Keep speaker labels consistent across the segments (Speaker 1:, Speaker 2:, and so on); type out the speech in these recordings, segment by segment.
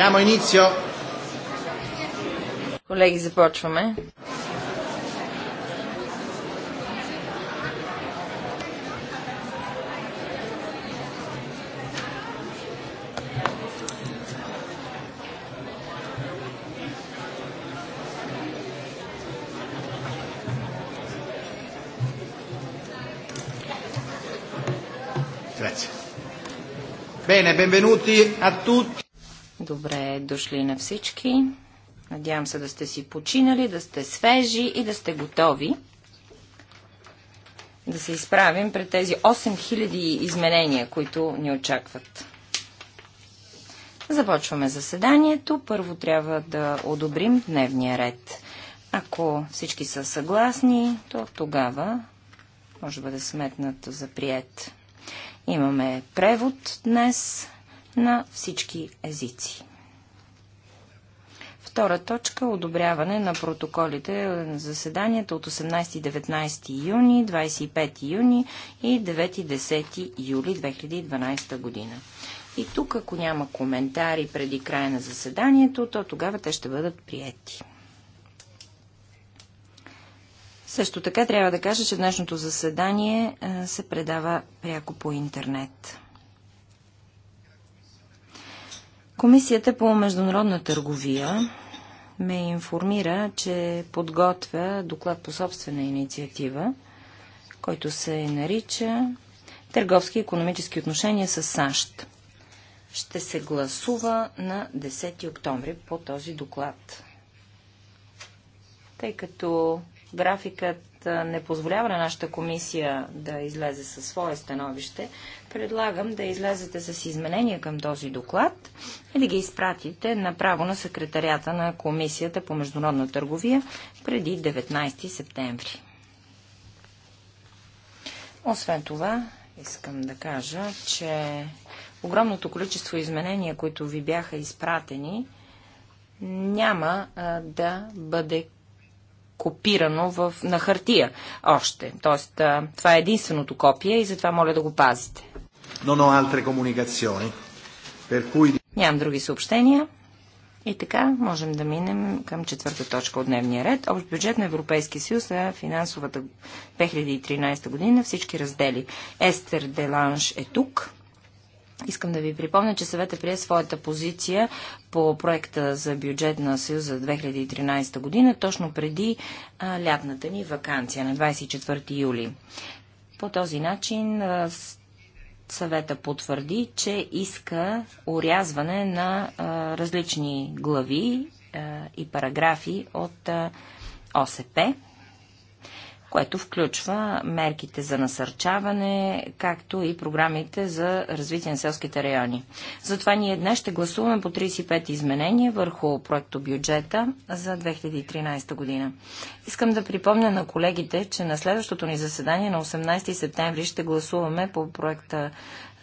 Speaker 1: Diamo inizio. Колеги, започваме. Bene, benvenuti a tutti. Добре дошли на всички. Надявам се да сте си починали, да сте свежи и да сте готови да се изправим пред тези 8000 изменения, които ни очакват. Започваме заседанието. Първо трябва да одобрим дневния ред. Ако всички са съгласни, то тогава може да бъде сметнат за прият. Имаме превод днес на всички езици. Втора точка – одобряване на протоколите на заседанията от 18 и 19 юни, 25 юни и 9 и 10 юли 2012 година. И тук, ако няма коментари преди края на заседанието, то тогава те ще бъдат приети. Също така трябва да кажа, че днешното заседание се предава пряко по интернет. Комисията по международна търговия ме информира, че подготвя доклад по собствена инициатива, който се нарича Търговски и економически отношения с САЩ. Ще се гласува на 10 октомври по този доклад. Тъй като графикът не позволява на нашата комисия да излезе със свое становище, предлагам да излезете с изменения към този доклад и да ги изпратите направо на секретарията на Комисията по международна търговия преди 19 септември. Освен това, искам да кажа, че огромното количество изменения, които ви бяха изпратени, няма а, да бъде копирано в, на хартия още. Тоест, а, това е единственото копие и затова моля да го пазите.
Speaker 2: Но, но altre comunicazioni. Per cui...
Speaker 1: Нямам други съобщения. И така, можем да минем към четвърта точка от дневния ред. Общ бюджет на Европейския съюз за финансовата 2013 година. Всички раздели. Естер Деланш е тук. Искам да ви припомня, че съвета прие своята позиция по проекта за бюджет на Съюз за 2013 година, точно преди а, лятната ни вакансия на 24 юли. По този начин а, съвета потвърди, че иска урязване на а, различни глави а, и параграфи от а, ОСП което включва мерките за насърчаване, както и програмите за развитие на селските райони. Затова ние днес ще гласуваме по 35 изменения върху проекто бюджета за 2013 година. Искам да припомня на колегите, че на следващото ни заседание на 18 септември ще гласуваме по проекта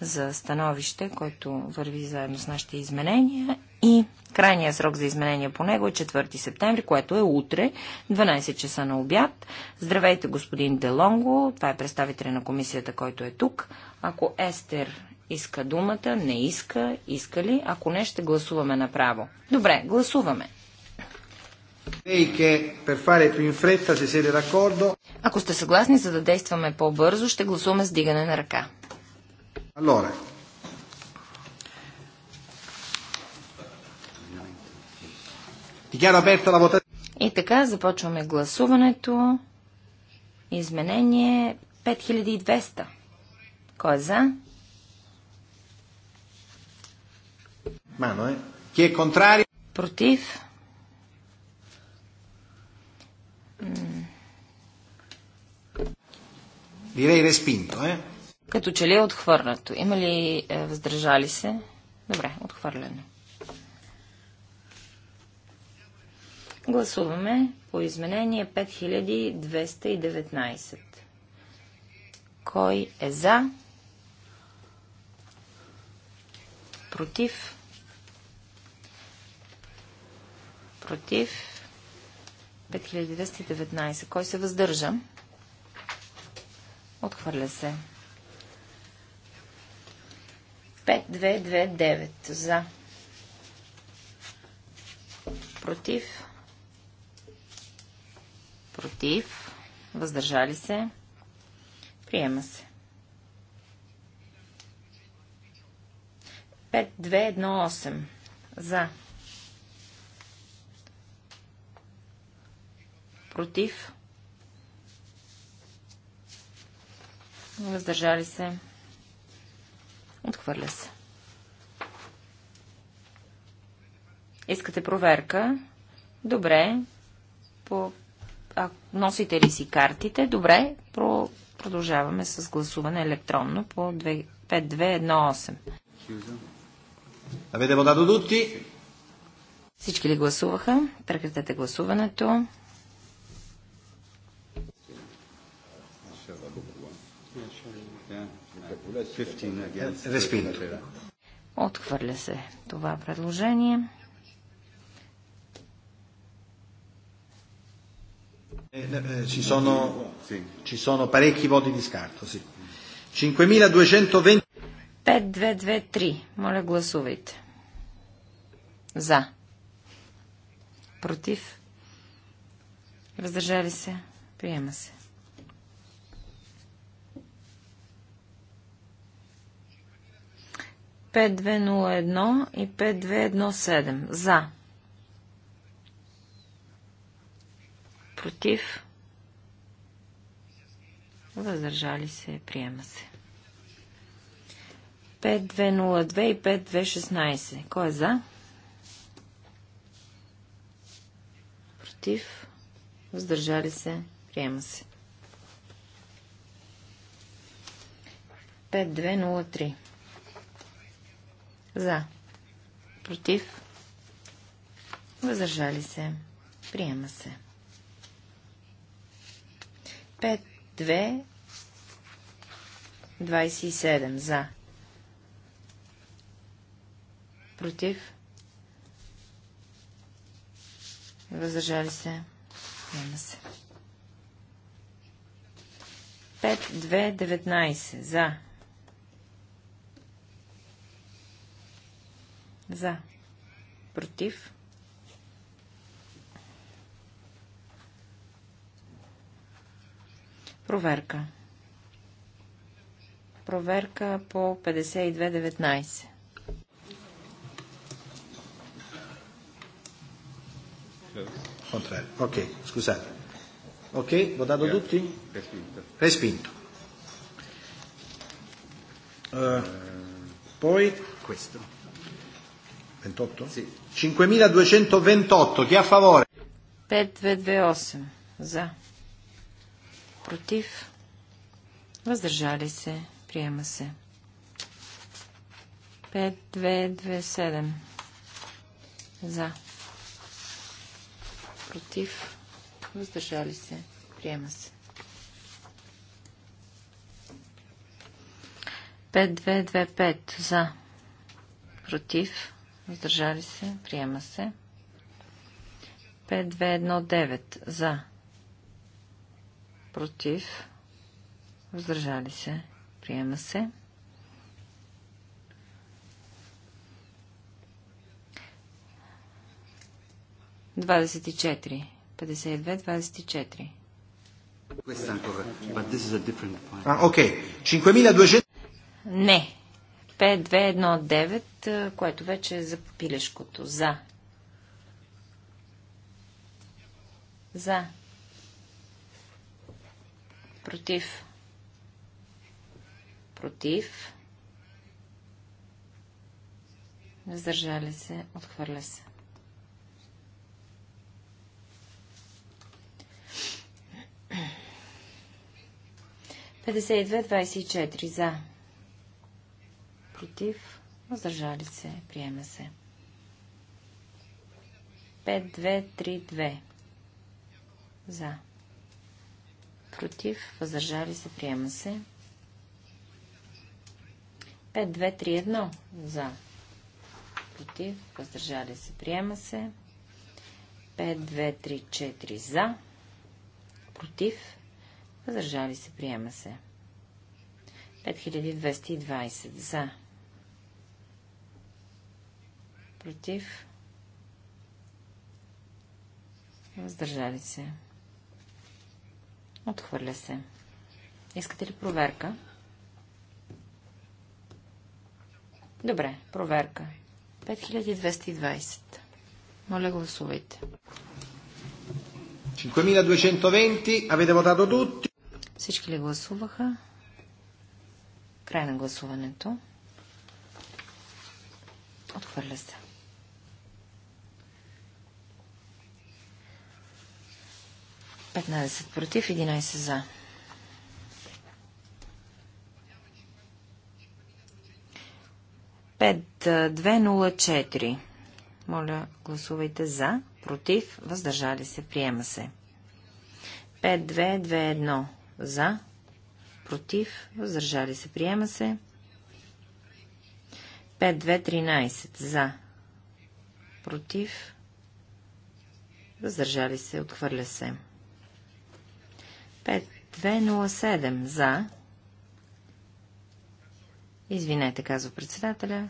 Speaker 1: за становище, който върви заедно с нашите изменения и крайният срок за изменения по него е 4 септември, което е утре, 12 часа на обяд. Здравейте, господин Делонго, това е представителя на комисията, който е тук. Ако Естер иска думата, не иска, иска ли? Ако не, ще гласуваме направо. Добре, гласуваме. Ако сте съгласни, за да действаме по-бързо, ще гласуваме с дигане на ръка. Allora. И така започваме гласуването. Изменение 5200. Кой е за? Мано е. Ки е контрари? Против.
Speaker 2: Direi respinto, eh?
Speaker 1: Като че ли е отхвърнато? Има ли е, въздържали се? Добре, отхвърлено. Гласуваме по изменение 5219. Кой е за? Против? Против? 5219. Кой се въздържа? Отхвърля се. 5229 за. Против. Против. Въздържали се. Приема се. 5218 за. Против. Въздържали се.
Speaker 3: Отхвърля се.
Speaker 1: Искате проверка? Добре. По... А, носите ли си картите? Добре. Про... Продължаваме с гласуване електронно по 2... 5218.
Speaker 2: Авете вода до
Speaker 1: Всички ли гласуваха? Прекратете гласуването. Отхвърля се това предложение.
Speaker 2: Е, е, е, ci sono, parecchi voti di scarto, sì. 5220.
Speaker 1: 5223. Моля, гласувайте. За. Против. Въздържали се. Приема се. 5201 и 5217. За. Против. Въздържали се. Приема се. 5202 и 5216. Кой е за? Против. Въздържали се. Приема се. 5203. За. Против. Въздържали се. Приема се. 5, 2, 27. За. Против. Въздържали се. Приема се. 5, 2, 19. За. За. Против. Проверка. Проверка по 52.19.
Speaker 2: Contrario. Ok, scusate. Ok, votato yeah. tutti? Respinto. Respinto. Uh, Uh, poi questo. 28? 5228, chi è a favore?
Speaker 1: 5228, за. Против. Въздържали се. Приема се. 5227. За. Против. Въздържали се. Приема се. 5225. За. Против. Въздържали се. Приема се. 5219 за. Против. Въздържали се. Приема се. 24. 52, 24.
Speaker 3: Questa
Speaker 2: 5200.
Speaker 1: Не. 5219, което вече е за пилешкото. За. За. Против. Против. Въздържали се. Отхвърля се. Петдесет и две, двадесет и четири. За против, въздържали се, приема се. 5-2-3-2 за, против, въздържали се, приема се. 5-2-3-1 за, против, въздържали се, приема се. 5-2-3-4 за, против, въздържали се, приема се. 5220 за, против, въздържали се, отхвърля се. Искате ли проверка? Добре, проверка. 5220. Моля, гласувайте.
Speaker 2: 5220, Авете вотато tutti. Всички ли гласуваха?
Speaker 1: Край на гласуването. Отхвърля се. 15 против, 11 за. Пет, 204. Моля, гласувайте за, против, въздържали се, приема се. 5221 за, против, въздържали се, приема се. 5213 за, против, въздържали се, отхвърля се. 5214 5207 за. Извинете, казва председателя.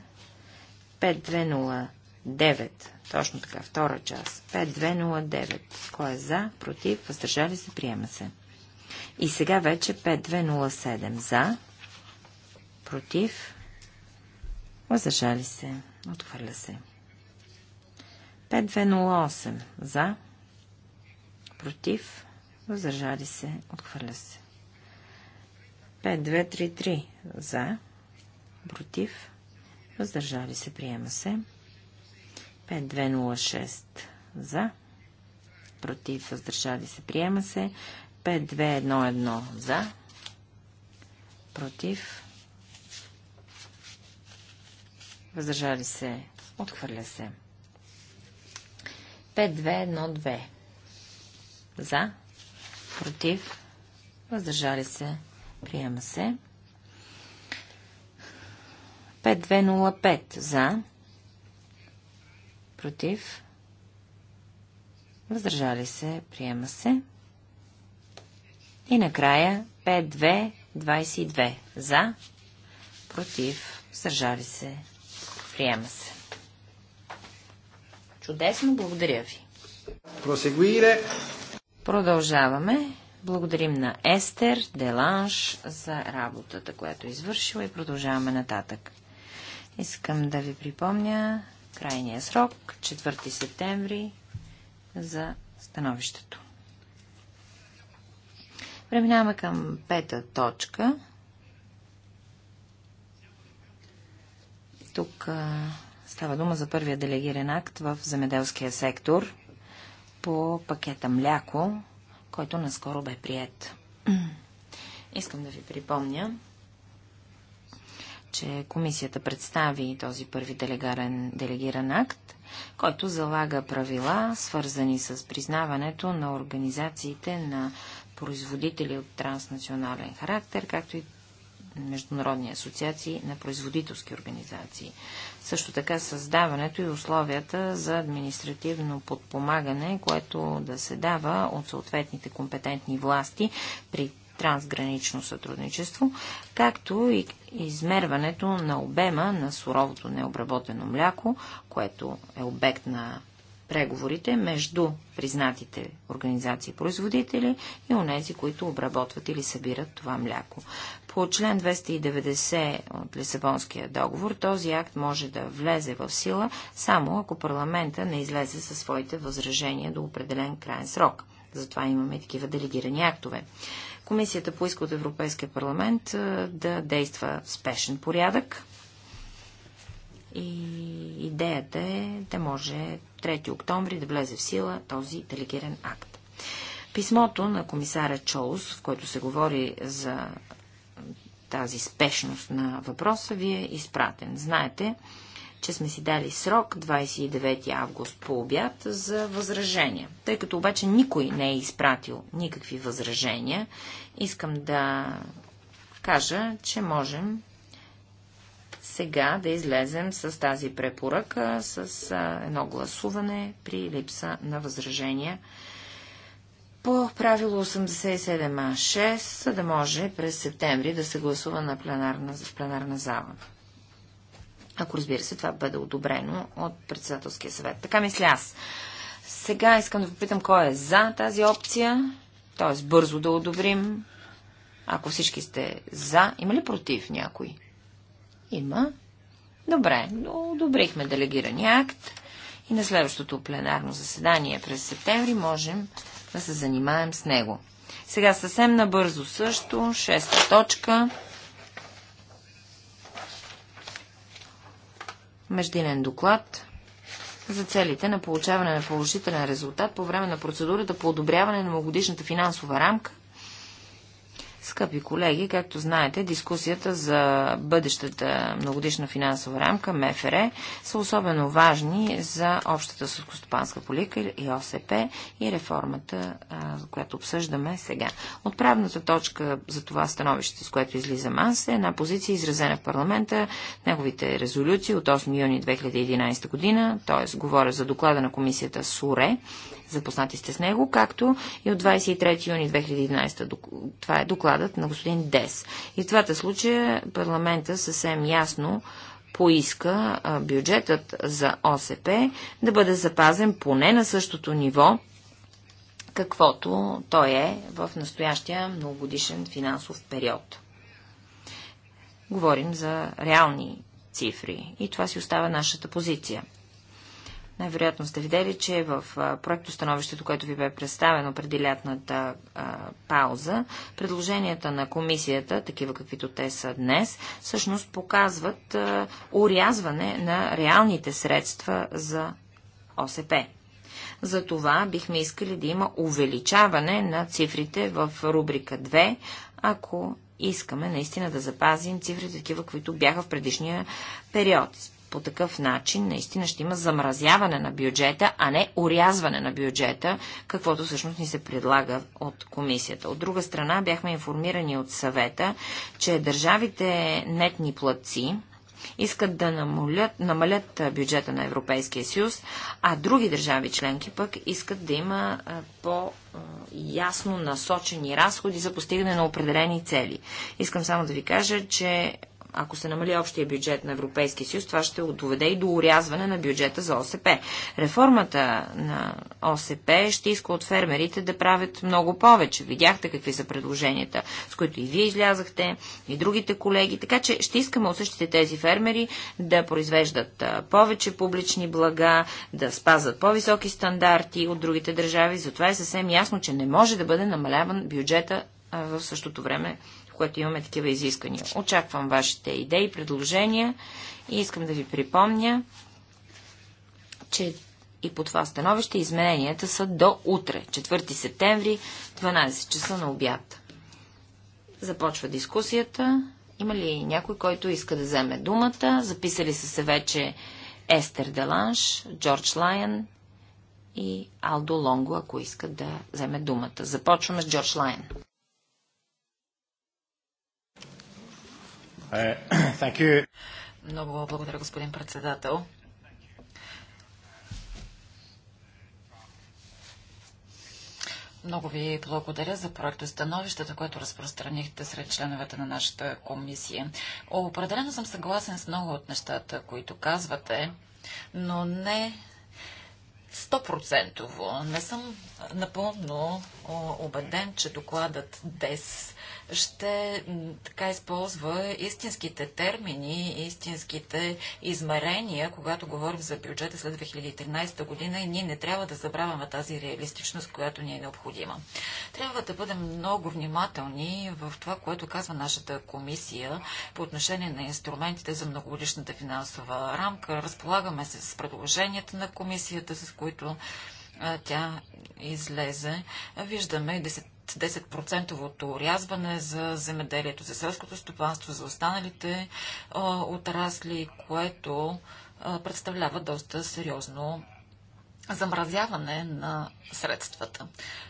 Speaker 1: 5209. Точно така, втора част. 5209. Кой е за, против, въздържали се, приема се. И сега вече 5207 за, против, въздържали се, отхвърля се. 5208 за, против, Въздържали се. Отхвърля се. 5-2-3-3 за. Против. Въздържали се. Приема се. 5-2-0-6 за. Против. Въздържали се. Приема се. 5-2-1-1 за. Против. Въздържали се. Отхвърля се. 5-2-1-2 за. Против против, въздържали се, приема се. 5205 за, против, въздържали се, приема се. И накрая 5222 за, против, въздържали се, приема се. Чудесно, благодаря ви. Просегуире. Продължаваме. Благодарим на Естер Деланш за работата, която е извършила и продължаваме нататък. Искам да ви припомня крайния срок, 4 септември, за становището. Преминаваме към пета точка. Тук а, става дума за първия делегиран акт в земеделския сектор – по пакета мляко, който наскоро бе прият. Искам да ви припомня, че комисията представи този първи делегарен, делегиран акт, който залага правила, свързани с признаването на организациите на производители от транснационален характер, както и международни асоциации на производителски организации. Също така създаването и условията за административно подпомагане, което да се дава от съответните компетентни власти при трансгранично сътрудничество, както и измерването на обема на суровото необработено мляко, което е обект на преговорите между признатите организации производители и онези, които обработват или събират това мляко. По член 290 от Лисабонския договор този акт може да влезе в сила само ако парламента не излезе със своите възражения до определен крайен срок. Затова имаме такива делегирани актове. Комисията поиска от Европейския парламент да действа в спешен порядък и идеята е да може 3 октомври да влезе в сила този делегиран акт. Писмото на комисаря Чоус, в който се говори за тази спешност на въпроса, ви е изпратен. Знаете, че сме си дали срок 29 август по обяд за възражения. Тъй като обаче никой не е изпратил никакви възражения, искам да кажа, че можем сега да излезем с тази препоръка, с едно гласуване при липса на възражения по правило 87А6, за да може през септември да се гласува на пленарна, в пленарна зала. Ако разбира се, това бъде одобрено от председателския съвет. Така мисля аз. Сега искам да попитам кой е за тази опция, т.е. бързо да одобрим. Ако всички сте за, има ли против някой? Има. Добре, но одобрихме делегирани акт и на следващото пленарно заседание през септември можем да се занимаем с него. Сега съвсем набързо също, шеста точка. Междинен доклад за целите на получаване на положителен резултат по време на процедурата по одобряване на многогодишната финансова рамка Скъпи колеги, както знаете, дискусията за бъдещата многодишна финансова рамка, МФР, са особено важни за общата съскостопанска полика и ОСП и реформата, която обсъждаме сега. Отправната точка за това становище, с което излизам аз, е една позиция изразена в парламента, неговите резолюции от 8 юни 2011 година, т.е. говоря за доклада на комисията СУРЕ запознати сте с него, както и от 23 юни 2011. Това е докладът на господин Дес. И в двата случая парламента съвсем ясно поиска бюджетът за ОСП да бъде запазен поне на същото ниво, каквото той е в настоящия многогодишен финансов период. Говорим за реални цифри и това си остава нашата позиция. Най-вероятно сте видели, че в проектостановището, което ви бе представено преди лятната а, пауза, предложенията на комисията, такива каквито те са днес, всъщност показват а, урязване на реалните средства за ОСП. За това бихме искали да има увеличаване на цифрите в рубрика 2, ако искаме наистина да запазим цифрите такива, които бяха в предишния период. По такъв начин наистина ще има замразяване на бюджета, а не урязване на бюджета, каквото всъщност ни се предлага от комисията. От друга страна бяхме информирани от съвета, че държавите нетни платци, искат да намалят, намалят бюджета на Европейския съюз, а други държави членки пък искат да има по-ясно насочени разходи за постигане на определени цели. Искам само да ви кажа, че ако се намали общия бюджет на Европейския съюз, това ще доведе и до урязване на бюджета за ОСП. Реформата на ОСП ще иска от фермерите да правят много повече. Видяхте какви са предложенията, с които и вие излязахте, и другите колеги. Така че ще искаме от същите тези фермери да произвеждат повече публични блага, да спазват по-високи стандарти от другите държави. Затова е съвсем ясно, че не може да бъде намаляван бюджета в същото време което имаме такива изисквания. Очаквам вашите идеи, предложения и искам да ви припомня, че и по това становище измененията са до утре, 4 септември, 12 часа на обяд. Започва дискусията. Има ли някой, който иска да вземе думата? Записали са се вече Естер Деланш, Джордж Лайън и Алдо Лонго, ако иска да вземе думата. Започваме с Джордж Лайън.
Speaker 3: Е, много благодаря, господин председател. Много ви благодаря за и становището, което разпространихте сред членовете на нашата комисия. Определено съм съгласен с много от нещата, които казвате, но не 100%. Не съм напълно убеден, че докладът ДЕС ще така използва истинските термини, истинските измерения, когато говорим за бюджета след 2013 година и ние не трябва да забравяме тази реалистичност, която ни е необходима. Трябва да бъдем много внимателни в това, което казва нашата комисия по отношение на инструментите за многогодишната финансова рамка. Разполагаме се с предложенията на комисията, с които тя излезе, виждаме 10 10-процентовото урязване за земеделието, за селското стопанство, за останалите а, отрасли, което а, представлява доста сериозно замразяване на средствата.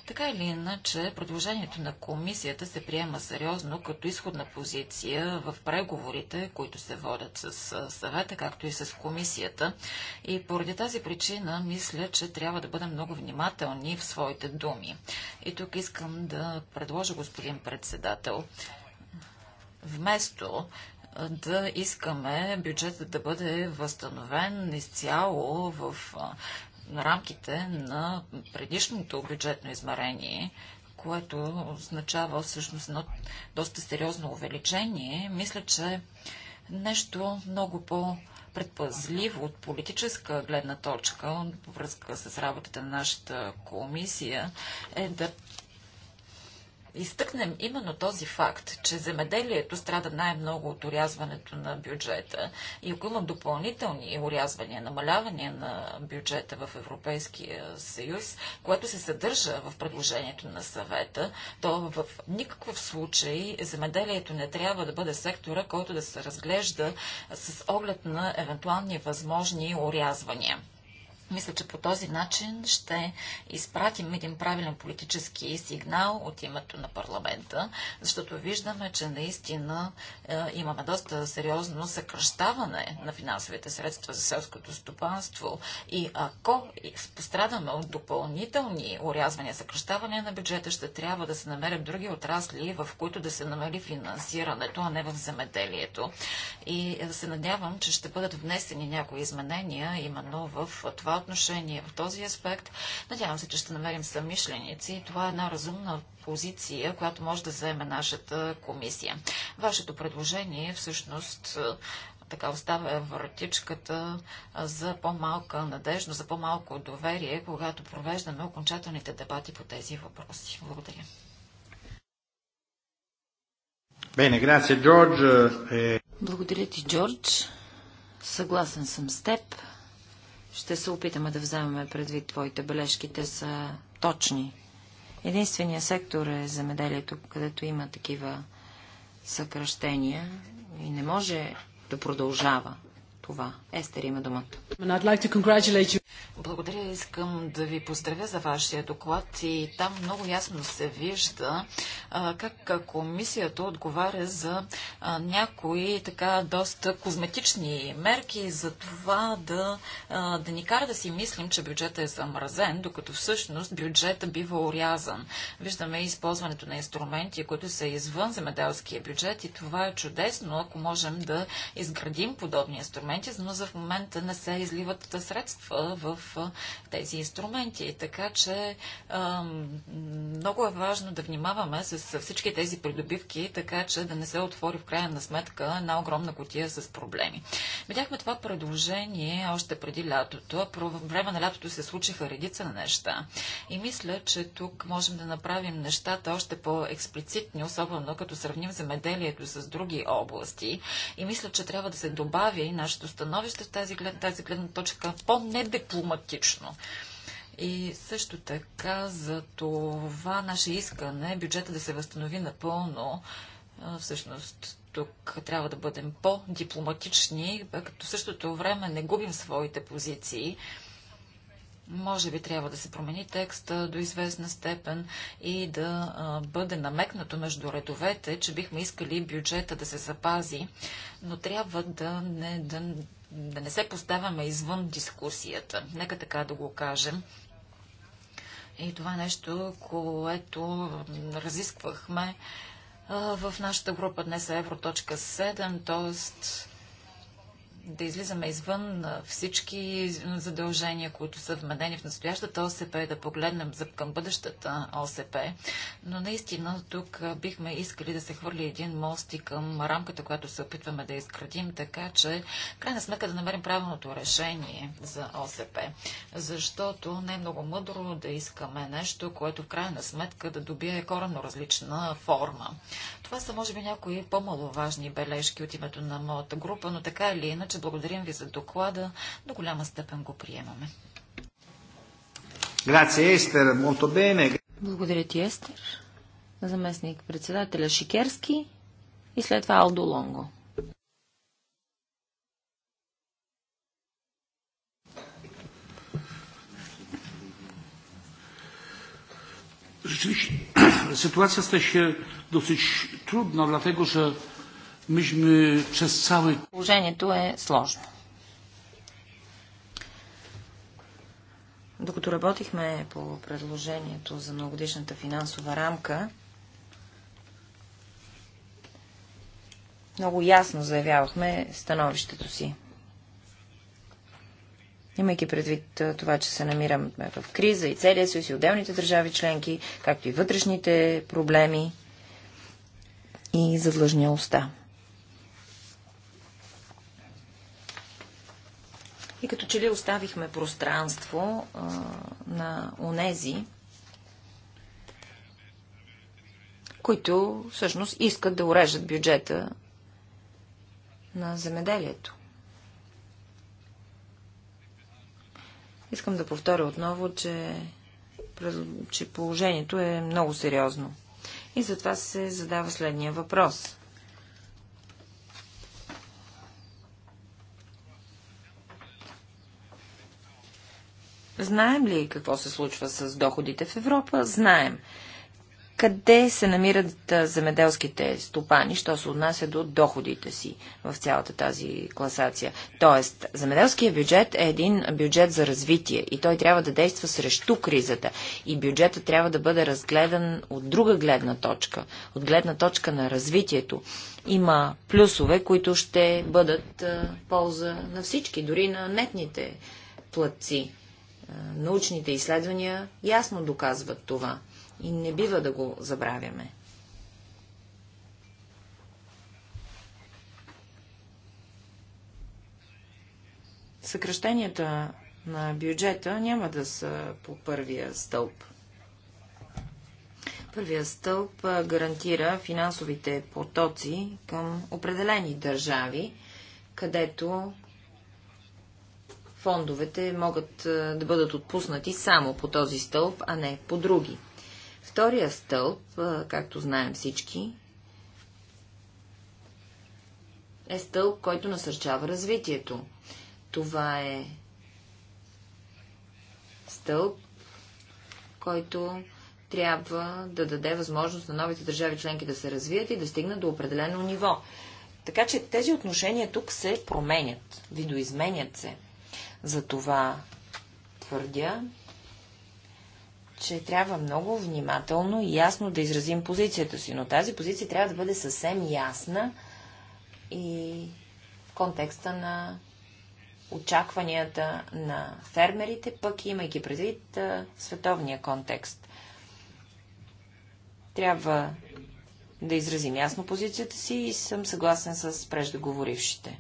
Speaker 3: Така или иначе, предложението на комисията се приема сериозно като изходна позиция в преговорите, които се водят с съвета, както и с комисията. И поради тази причина мисля, че трябва да бъдем много внимателни в своите думи. И тук искам да предложа господин председател, вместо да искаме бюджетът да бъде възстановен изцяло в на рамките на предишното бюджетно измерение, което означава всъщност едно доста сериозно увеличение, мисля, че нещо много по- предпазливо от политическа гледна точка, във връзка с работата на нашата комисия, е да изтъкнем именно този факт, че земеделието страда най-много от урязването на бюджета и ако има допълнителни урязвания, намалявания на бюджета в Европейския съюз, което се съдържа в предложението на съвета, то в никакъв случай земеделието не трябва да бъде сектора, който да се разглежда с оглед на евентуални възможни урязвания. Мисля, че по този начин ще изпратим един правилен политически сигнал от името на парламента, защото виждаме, че наистина е, имаме доста сериозно съкръщаване на финансовите средства за селското стопанство и ако пострадаме от допълнителни урязвания, съкръщаване на бюджета, ще трябва да се намерят други отрасли, в които да се намери финансирането, а не в земеделието. И е, се надявам, че ще бъдат внесени някои изменения именно в това отношение, в този аспект. Надявам се, че ще намерим съмишленици и това е една разумна позиция, която може да заеме нашата комисия. Вашето предложение всъщност е, така оставя вратичката е, за по-малка надежда, за по-малко доверие, когато провеждаме окончателните дебати по тези въпроси. Благодаря. Bene, grazie Джордж. Е,
Speaker 1: Благодаря ти, Джордж. Съгласен съм с теб. Ще се опитаме да вземем предвид твоите бележки. Те са точни. Единственият сектор е земеделието, където има такива
Speaker 3: съкръщения и не може
Speaker 1: да продължава това.
Speaker 3: Естер има думата.
Speaker 2: Like
Speaker 3: Благодаря. Искам да ви поздравя за вашия доклад и там много ясно се вижда а, как комисията отговаря за а, някои така доста козметични мерки за това да, а, да ни кара да си мислим, че бюджетът е замразен, докато всъщност бюджета бива урязан. Виждаме използването на инструменти, които са извън земеделския бюджет и това е чудесно, ако можем да изградим подобни инструменти инструменти, но за в момента не се изливат средства в тези инструменти. Така че много е важно да внимаваме с всички тези придобивки, така че да не се отвори в крайна сметка една огромна котия с проблеми. Видяхме това предложение още преди лятото. По време на лятото се случиха редица на неща. И мисля, че тук можем да направим нещата още по-експлицитни, особено като сравним земеделието с други области. И мисля, че трябва да се добави нашето нашето становище в тази, тази гледна точка по-недипломатично. И също така за това наше искане бюджета да се възстанови напълно, всъщност тук трябва да бъдем по-дипломатични, като в същото време не губим своите позиции може би трябва да се промени текста до известна степен и да бъде намекнато между редовете, че бихме искали бюджета да се запази, но трябва да не, да, да не се поставяме извън дискусията. Нека така да го кажем. И това е нещо, което разисквахме в нашата група днес е Евро.7, т.е да излизаме извън всички задължения, които са вменени в настоящата ОСП, да погледнем към бъдещата ОСП. Но наистина тук бихме искали да се хвърли един мост и към рамката, която се опитваме да изградим, така че крайна сметка да намерим правилното решение за ОСП. Защото не е много мъдро да искаме нещо, което в крайна сметка да добие коренно различна форма. Това са може би някои по-маловажни бележки от името на моята група, но така или иначе въпроси. Благодарим ви за доклада. До голяма степен го приемаме.
Speaker 1: Благодаря ти, Естер. Заместник председателя Шикерски и след това Алдо Лонго.
Speaker 3: Ситуацията ще staje трудна, dosyć trudna,
Speaker 1: Положението е сложно. Докато работихме по предложението за многодишната финансова рамка, много ясно заявявахме становището си. Имайки предвид това, че се намираме в криза и целия съюз и отделните държави членки, както и вътрешните проблеми и задлъжнялостта. и като че ли оставихме пространство а, на онези, които всъщност искат да урежат бюджета на земеделието. Искам да повторя отново, че, че положението е много сериозно. И затова се задава следния въпрос. Знаем ли какво се случва с доходите в Европа? Знаем. Къде се намират земеделските стопани, що се отнася до доходите си в цялата тази класация? Тоест, земеделският бюджет е един бюджет за развитие и той трябва да действа срещу кризата. И бюджетът трябва да бъде разгледан от друга гледна точка, от гледна точка на развитието. Има плюсове, които ще бъдат
Speaker 3: полза на
Speaker 1: всички, дори на нетните платци научните изследвания ясно доказват това и не бива да го забравяме. Съкръщенията на бюджета няма да са по първия стълб. Първия стълб гарантира финансовите потоци към определени държави, където фондовете могат е, да бъдат отпуснати само по този стълб, а не по други. Втория стълб, е, както знаем всички, е стълб, който насърчава развитието. Това е стълб, който трябва да даде възможност на новите държави членки да се развият и да стигнат до определено ниво. Така че тези отношения тук се променят, видоизменят се. За това твърдя, че трябва много внимателно и ясно да изразим позицията си, но тази позиция трябва да бъде съвсем ясна и в контекста на очакванията на фермерите, пък имайки предвид световния контекст. Трябва да изразим ясно позицията си и съм съгласен с преждеговорившите.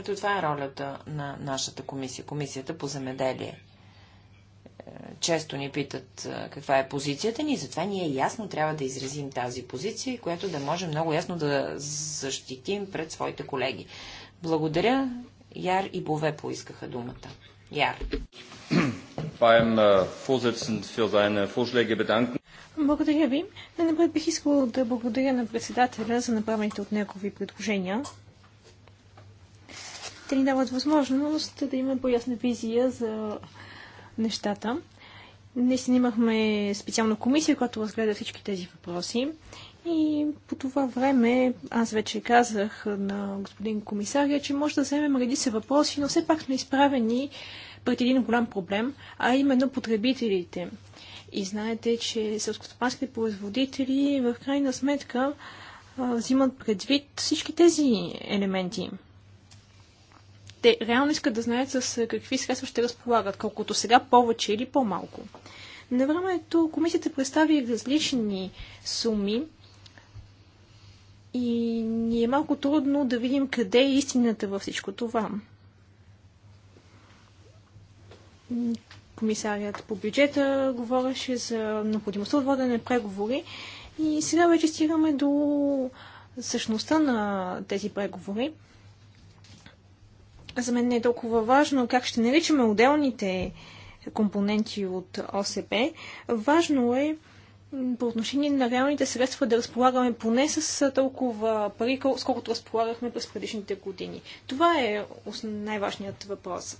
Speaker 1: Ето това е ролята на нашата комисия, комисията по земеделие. Е, често ни питат е, каква е позицията ни, затова ние ясно трябва да изразим тази позиция, която да може много ясно да защитим пред своите колеги. Благодаря. Яр и Бове поискаха думата. Яр.
Speaker 2: Е, благодаря ви. Най-напред бих искала да благодаря на председателя за направените от негови предложения те ни дават възможност да имаме по-ясна визия за нещата. Днес имахме специална комисия, която разгледа всички тези въпроси. И по това време аз вече казах на господин комисаря, че може да вземем се въпроси, но все пак сме изправени пред един голям проблем, а именно потребителите. И знаете, че селскостопанските производители в крайна сметка взимат предвид всички тези елементи те реално искат да знаят с какви средства ще разполагат, колкото сега повече или по-малко. На времето комисията представи различни суми и ни е малко трудно да видим къде е истината във всичко това. Комисарият по бюджета говореше за необходимостта от водене преговори и сега вече стигаме до същността на тези преговори. За мен не е толкова важно как ще наричаме отделните компоненти от ОСП. Важно е по отношение на реалните средства да разполагаме поне с толкова пари, сколкото колкото разполагахме през предишните години. Това е най-важният въпрос.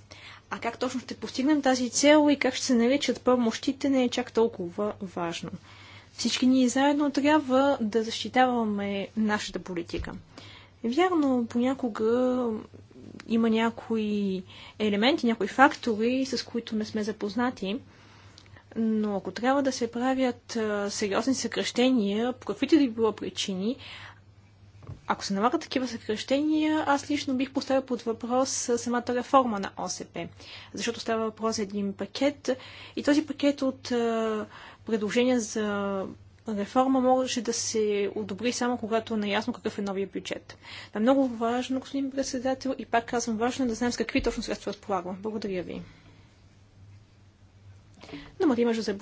Speaker 2: А как точно ще постигнем тази цел и как ще се наричат помощите не е чак толкова важно. Всички ние заедно трябва да защитаваме нашата политика. Вярно, понякога има някои елементи, някои фактори, с които не сме запознати. Но ако трябва да се правят сериозни съкръщения, по каквито да било причини, ако се налагат такива съкръщения, аз лично бих поставил под въпрос самата реформа на ОСП. Защото става въпрос за един пакет и този пакет от предложения за реформа можеше да се одобри само когато е наясно какъв е новия бюджет. е много важно, господин председател, и пак казвам, важно е да знаем с какви точно средства разполагам. Благодаря ви. Но Мария Жозе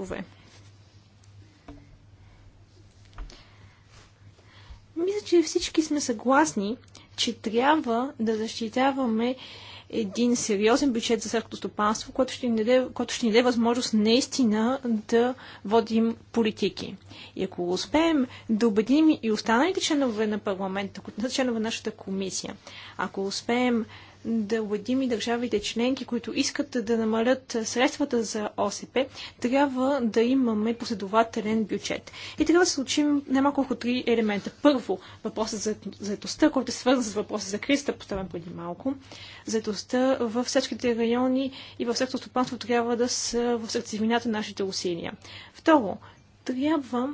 Speaker 2: Мисля, че всички сме съгласни, че трябва да защитаваме един сериозен бюджет за селското стопанство, което ще, ни даде, което ще ни даде възможност наистина да водим политики. И ако успеем да убедим и останалите членове на парламента, членове на нашата комисия, ако успеем да убедим и държавите членки, които искат да намалят средствата за ОСП, трябва да имаме последователен бюджет. И трябва да се учим немалко малко около три елемента. Първо, въпросът за заедостта, който е свързан с въпроса за кризата, поставен преди малко. Заедостта в всичките райони и в сектор стопанство трябва да са в сърцевината на нашите усилия. Второ, трябва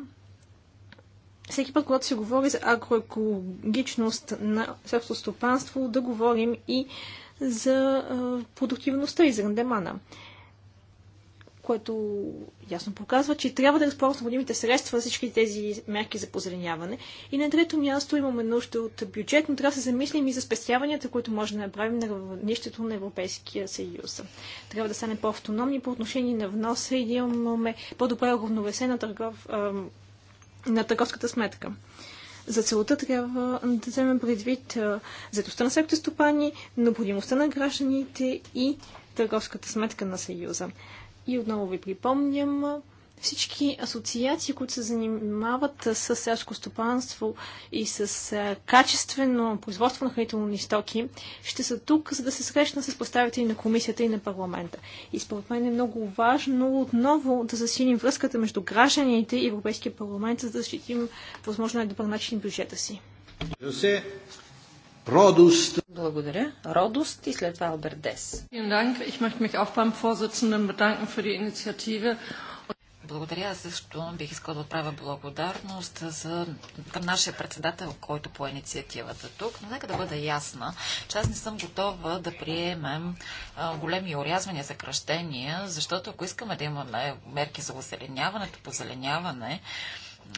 Speaker 2: всеки път, когато се говори за агроекологичност на селското стопанство, да говорим и за продуктивността и за рандемана, което ясно показва, че трябва да разполагаме необходимите средства за всички тези мерки за позеленяване. И на трето място имаме нужда от бюджет, но трябва да се замислим и за спестяванията, които може да направим на равнището на Европейския съюз. Трябва да станем по-автономни по отношение на вноса и да имаме по-добре уравновесена търгов, на търговската сметка. За целта трябва да вземем предвид заедостта на секторите стопани, необходимостта на гражданите и търговската сметка на Съюза. И отново ви припомням, всички асоциации, които се занимават с селско стопанство и с качествено производство на хранителни стоки, ще са тук, за да се срещна с представители на комисията и на парламента. И според мен е много важно отново да засилим връзката между гражданите и Европейския парламент, за да защитим възможно най-добър начин бюджета си.
Speaker 1: Родост. Благодаря. Родост и след това Албердес.
Speaker 2: Благодаря. Ich möchte mich auch beim Vorsitzenden bedanken für die Initiative
Speaker 3: благодаря. Също бих искал да отправя благодарност за, към нашия председател, който по инициативата тук. Но нека да бъда ясна, че аз не съм готова да приемем а, големи урязвания, съкръщения, защото ако искаме да имаме мерки за озеленяването, позеленяване, позеленяване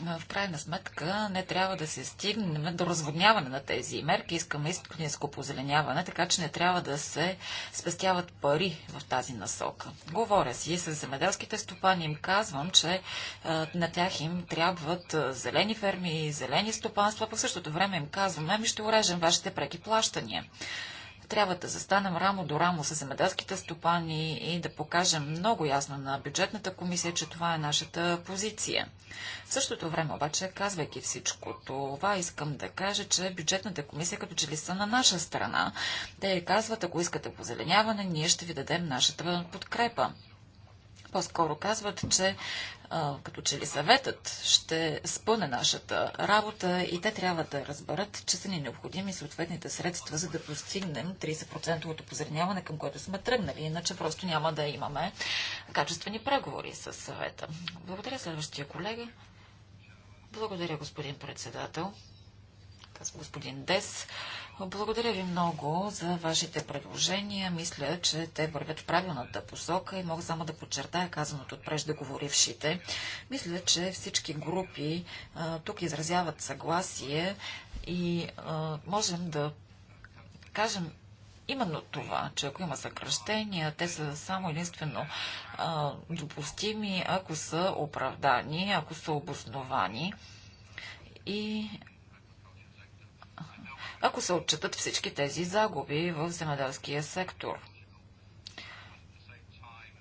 Speaker 3: в крайна сметка не трябва да се стигнем до разводняване на тези мерки. Искаме истинско позеленяване, така че не трябва да се спестяват пари в тази насока. Говоря си с земеделските стопани, им казвам, че на тях им трябват зелени ферми, зелени стопанства, по същото време им казваме, ми ще урежем вашите преки плащания. Трябва да застанем рамо до рамо с земеделските стопани и да покажем много ясно на бюджетната комисия, че това е нашата позиция. В същото време обаче, казвайки всичко това, искам да кажа, че бюджетната комисия като че ли са на наша страна. Те казват, ако искате позеленяване, ние ще ви дадем нашата подкрепа по-скоро казват, че като че ли съветът ще спъне нашата работа и те трябва да разберат, че са ни необходими съответните средства, за да постигнем 30% опозреняване, към което сме тръгнали. Иначе просто няма да имаме качествени преговори с съвета. Благодаря следващия колега. Благодаря, господин председател господин Дес. Благодаря ви много за вашите предложения. Мисля, че те вървят в правилната посока и мога само да подчертая казаното от преждеговорившите. Мисля, че всички групи а, тук изразяват съгласие и а, можем да кажем именно това, че ако има съкръщения, те са само единствено а, допустими, ако са оправдани, ако са обосновани и ако се отчитат всички тези загуби в земеделския сектор.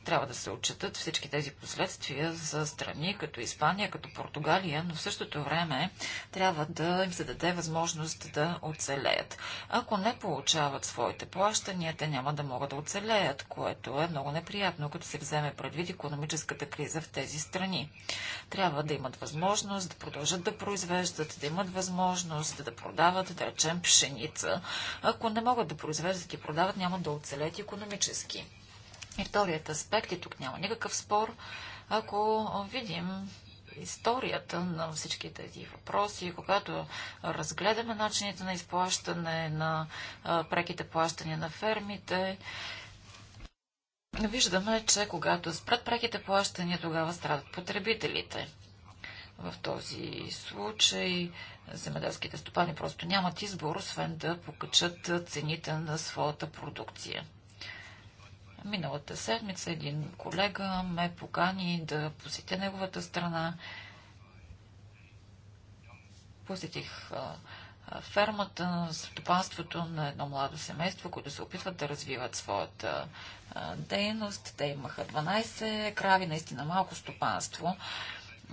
Speaker 3: Трябва да се отчитат всички тези последствия за страни като Испания, като Португалия, но в същото време трябва да им се даде възможност да оцелеят. Ако не получават своите плащания, те няма да могат да оцелеят, което е много неприятно, като се вземе предвид економическата криза в тези страни. Трябва да имат възможност да продължат да произвеждат, да имат възможност да продават, да речем, пшеница. Ако не могат да произвеждат и продават, няма да оцелеят економически. И вторият аспект, и тук няма никакъв спор, ако видим историята на всички тези въпроси, когато разгледаме начините на изплащане на преките плащания на фермите, виждаме, че когато спрат преките плащания, тогава страдат потребителите. В този случай земеделските стопани просто нямат избор, освен да покачат цените на своята продукция. Миналата седмица един колега ме покани да посетя неговата страна. Посетих фермата, стопанството на едно младо семейство, които се опитват да развиват своята дейност. Те имаха 12 крави, наистина малко стопанство.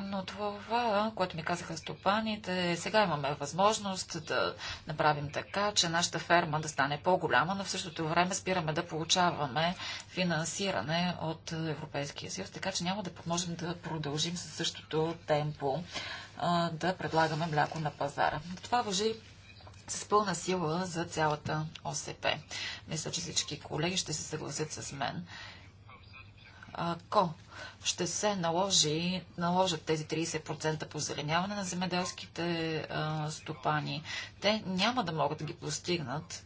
Speaker 3: Но това, което ми казаха стопаните, сега имаме възможност да направим така, че нашата ферма да стане по-голяма, но в същото време спираме да получаваме финансиране от Европейския съюз, така че няма да можем да продължим със същото темпо а, да предлагаме мляко на пазара. Това въжи с пълна сила за цялата ОСП. Мисля, че всички колеги ще се съгласят с мен ако ще се наложи, наложат тези 30% позеленяване на земеделските а, стопани. Те няма да могат да ги постигнат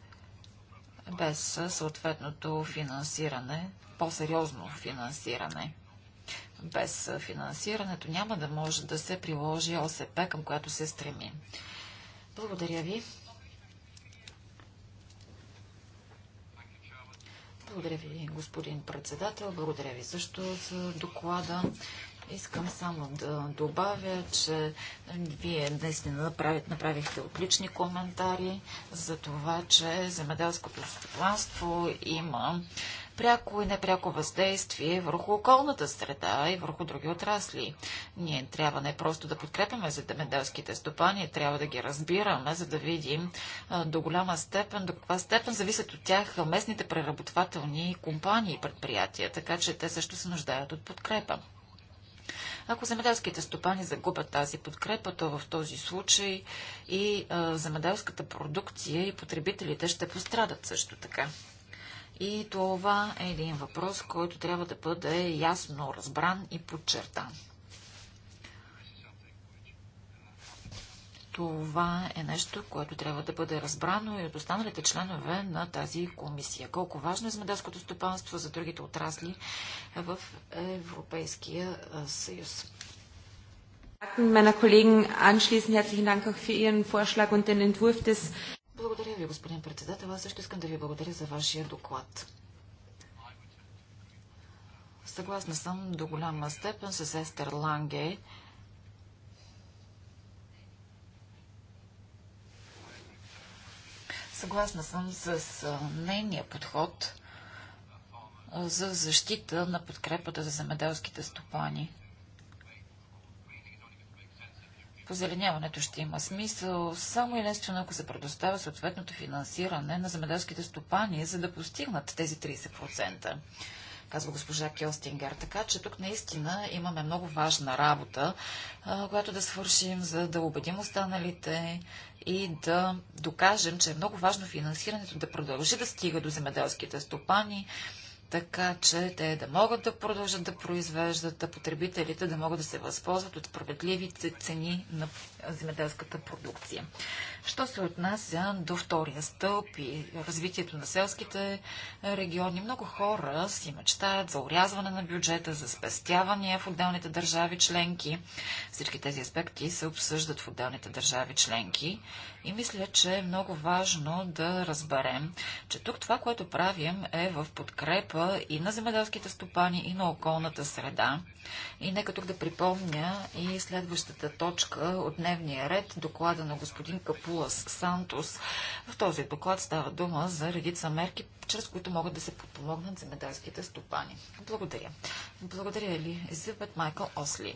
Speaker 3: без съответното финансиране, по-сериозно финансиране. Без финансирането няма да може да се приложи ОСП, към която се стреми. Благодаря ви. Благодаря ви, господин председател. Благодаря ви също за доклада. Искам само да добавя, че вие наистина направихте отлични коментари за това, че земеделското стопанство има пряко и непряко въздействие върху околната среда и върху други отрасли. Ние трябва не просто да подкрепяме земеделските стопани, трябва да ги разбираме, за да видим до голяма степен, до каква степен зависят от тях местните преработвателни компании и предприятия, така че те също се нуждаят от подкрепа. Ако земеделските стопани загубят тази подкрепа, то в този случай и земеделската продукция и потребителите ще пострадат също така. И това е един въпрос, който трябва да бъде ясно разбран и подчертан. Това е нещо, което трябва да бъде разбрано и от останалите членове на тази комисия. Колко важно е земеделското стопанство за другите отрасли в Европейския съюз.
Speaker 2: Meiner Kollegen anschließend herzlichen Dank auch für Ihren Vorschlag und den Entwurf des
Speaker 3: благодаря ви, господин председател. Аз също искам да ви благодаря за вашия доклад. Съгласна съм до голяма степен с Естер Ланге. Съгласна съм с нейния подход за защита на подкрепата за земеделските стопани позеленяването ще има смисъл само единствено ако се предоставя съответното финансиране на земеделските стопани, за да постигнат тези 30%, казва госпожа Келстингер. Така че тук наистина имаме много важна работа, която да свършим, за да убедим останалите и да докажем, че е много важно финансирането да продължи да стига до земеделските стопани, така че те да могат да продължат да произвеждат, а потребителите да могат да се възползват от справедливите цени на земеделската продукция. Що се отнася до втория стълб и развитието на селските региони, много хора си мечтаят за урязване на бюджета, за спестявания в отделните държави членки. Всички тези аспекти се обсъждат в отделните държави членки и мисля, че е много важно да разберем, че тук това, което правим е в подкрепа и на земеделските стопани, и на околната среда. И нека тук да припомня и следващата точка от днес дневния ред доклада на господин Капулас Сантос. В този доклад става дума за редица мерки, чрез които могат да се подпомогнат земеделските стопани. Благодаря. Благодаря ли, Елизабет Майкъл Осли.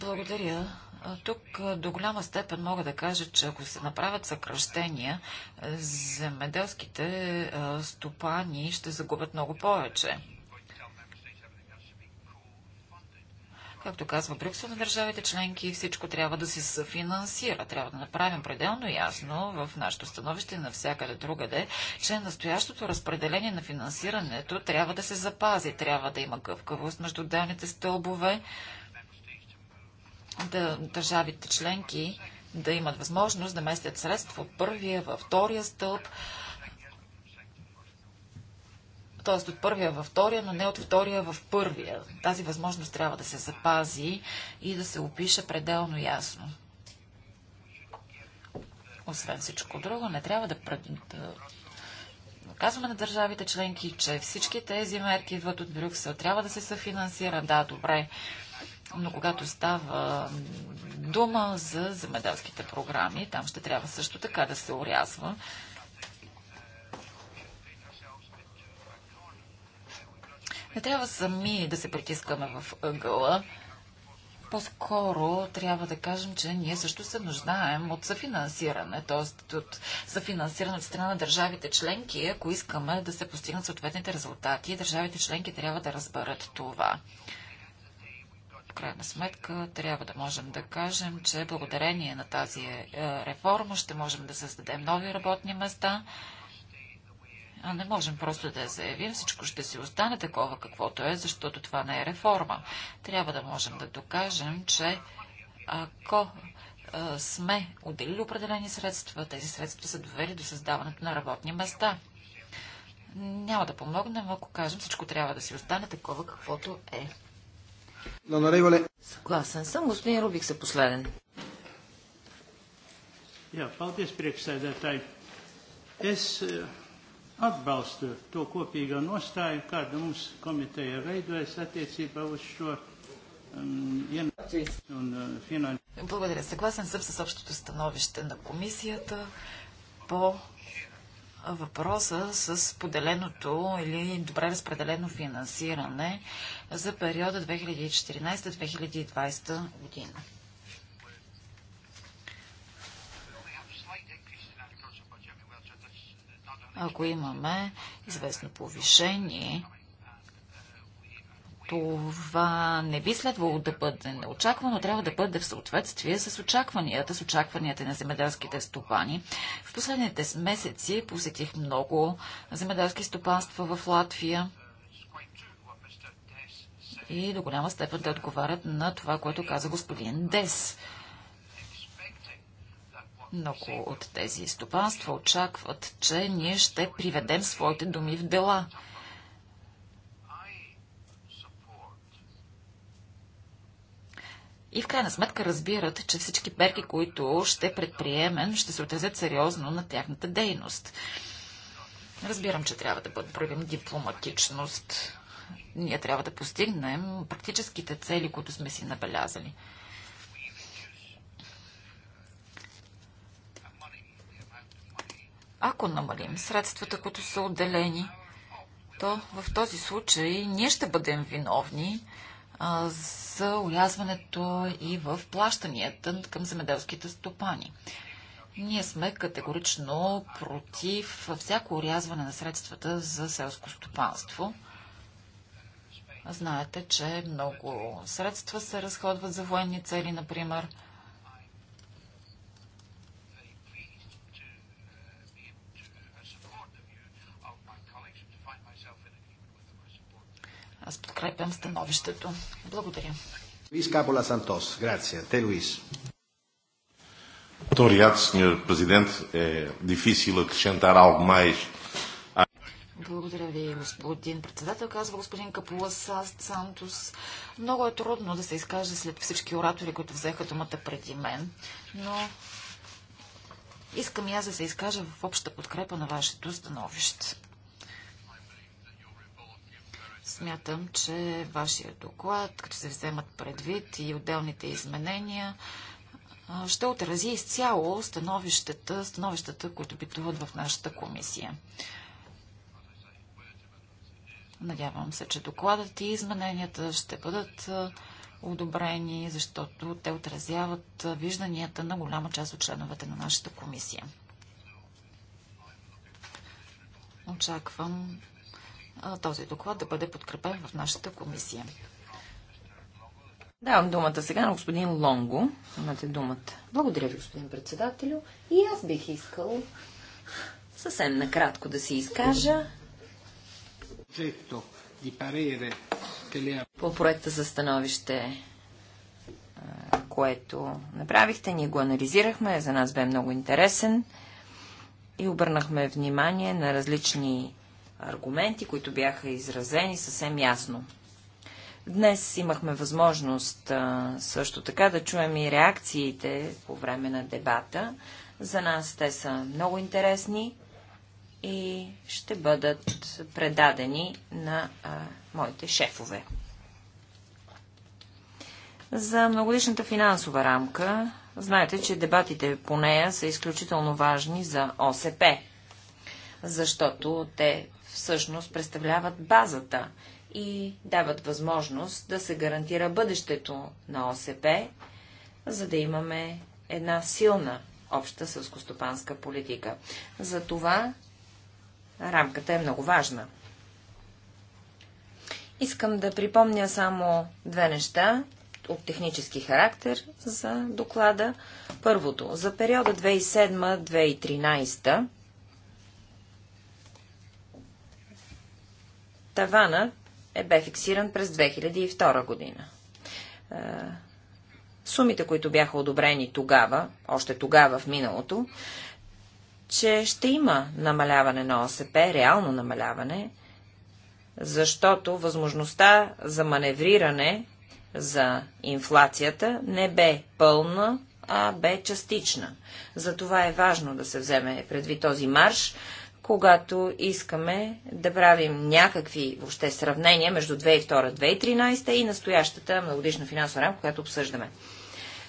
Speaker 3: Благодаря. Тук до голяма степен мога да кажа, че ако се направят съкръщения, земеделските стопани ще загубят много повече. Както казва Брюксел на държавите членки, всичко трябва да се съфинансира. Трябва да направим пределно ясно в нашето становище и навсякъде другаде, че настоящото разпределение на финансирането трябва да се запази. Трябва да има гъвкавост между отделните стълбове, да държавите членки да имат възможност да местят средства от първия във втория стълб, т.е. от първия във втория, но не от втория в първия. Тази възможност трябва да се запази и да се опише пределно ясно. Освен всичко друго, не трябва да, пред... да казваме на държавите членки, че всички тези мерки идват от Брюксел. Трябва да се съфинансира. Да, добре. Но когато става дума за земеделските програми, там ще трябва също така да се урязва. Не трябва сами да се притискаме в ъгъла. По-скоро трябва да кажем, че ние също се нуждаем от съфинансиране, т.е. от съфинансиране от страна на държавите членки, ако искаме да се постигнат съответните резултати. Държавите членки трябва да разберат това. В крайна сметка трябва да можем да кажем, че благодарение на тази е, реформа ще можем да създадем нови работни места, а не можем просто да заявим, всичко ще си остане такова каквото е, защото това не е реформа. Трябва да можем да докажем, че ако сме отделили определени средства, тези средства са довели до създаването на работни места. Няма да помогнем, ако кажем, всичко трябва да си остане такова каквото е. Съгласен съм. Господин Рубик се последен.
Speaker 1: Jā, atbalstu to
Speaker 3: kopīgā nostāju, kāda mums komiteja veidojas attiecībā uz šo um, un, uh, Благодаря. Съгласен съм с общото становище на комисията по въпроса с поделеното или добре разпределено финансиране за периода 2014-2020 година. Ако имаме известно повишение, това не би следвало да бъде неочаквано, трябва да бъде в съответствие с очакванията, с очакванията на земеделските стопани. В последните месеци посетих много земеделски стопанства в Латвия и до голяма степен те да отговарят на това, което каза господин Дес. Много от тези стопанства очакват, че ние ще приведем своите думи в дела. И в крайна сметка разбират, че всички перки, които ще предприемем, ще се отразят сериозно на тяхната дейност. Разбирам, че трябва да проявим дипломатичност. Ние трябва да постигнем практическите цели, които сме си набелязали. Ако намалим средствата, които са отделени, то в този случай ние ще бъдем виновни а, за урязването и в плащанията към земеделските стопани. Ние сме категорично против всяко урязване на средствата за селско стопанство. Знаете, че много средства се разходват за военни цели, например – Аз подкрепям становището. Благодаря.
Speaker 2: Луис Капола Сантос. Грация. Те, Луис. Obrigado, сеньор президент, е дефисил acrescentar algo mais. Благодаря
Speaker 3: ви, господин председател, казва господин Капула Сантос. Много е трудно да се изкаже след всички оратори, които взеха думата преди мен, но искам и аз да се изкажа в обща подкрепа на вашето становище. Смятам, че вашия доклад, като се вземат предвид и отделните изменения, ще отрази изцяло становищата, становищата, които битуват в нашата комисия. Надявам се, че докладът и измененията ще бъдат одобрени, защото те отразяват вижданията на голяма част от членовете на нашата комисия. Очаквам този доклад да бъде подкрепен в нашата комисия.
Speaker 1: Давам думата сега на господин Лонго. Имате думата. Благодаря ви, господин председателю. И аз бих искал съвсем накратко да се изкажа. По проекта за становище, което направихте, ние го анализирахме, за нас бе много интересен и обърнахме внимание на различни аргументи, които бяха изразени съвсем ясно. Днес имахме възможност също така да чуем и реакциите по време на дебата. За нас те са много интересни и ще бъдат предадени на а, моите шефове. За многодишната финансова рамка, знаете, че дебатите по нея са изключително важни за ОСП, защото те всъщност представляват базата и дават възможност да се гарантира бъдещето на ОСП, за да имаме една силна обща сълскостопанска политика. За това рамката е много важна. Искам да припомня само две неща от технически характер за доклада. Първото, за периода 2007-2013 Тавана е бе фиксиран през 2002 година. Е, сумите, които бяха одобрени тогава, още тогава в миналото, че ще има намаляване на ОСП, реално намаляване, защото възможността за маневриране за инфлацията не бе пълна, а бе частична. Затова е важно да се вземе предвид този марш, когато искаме да правим някакви въобще сравнения между 2002-2013 и настоящата многодишна финансова рамка, която обсъждаме.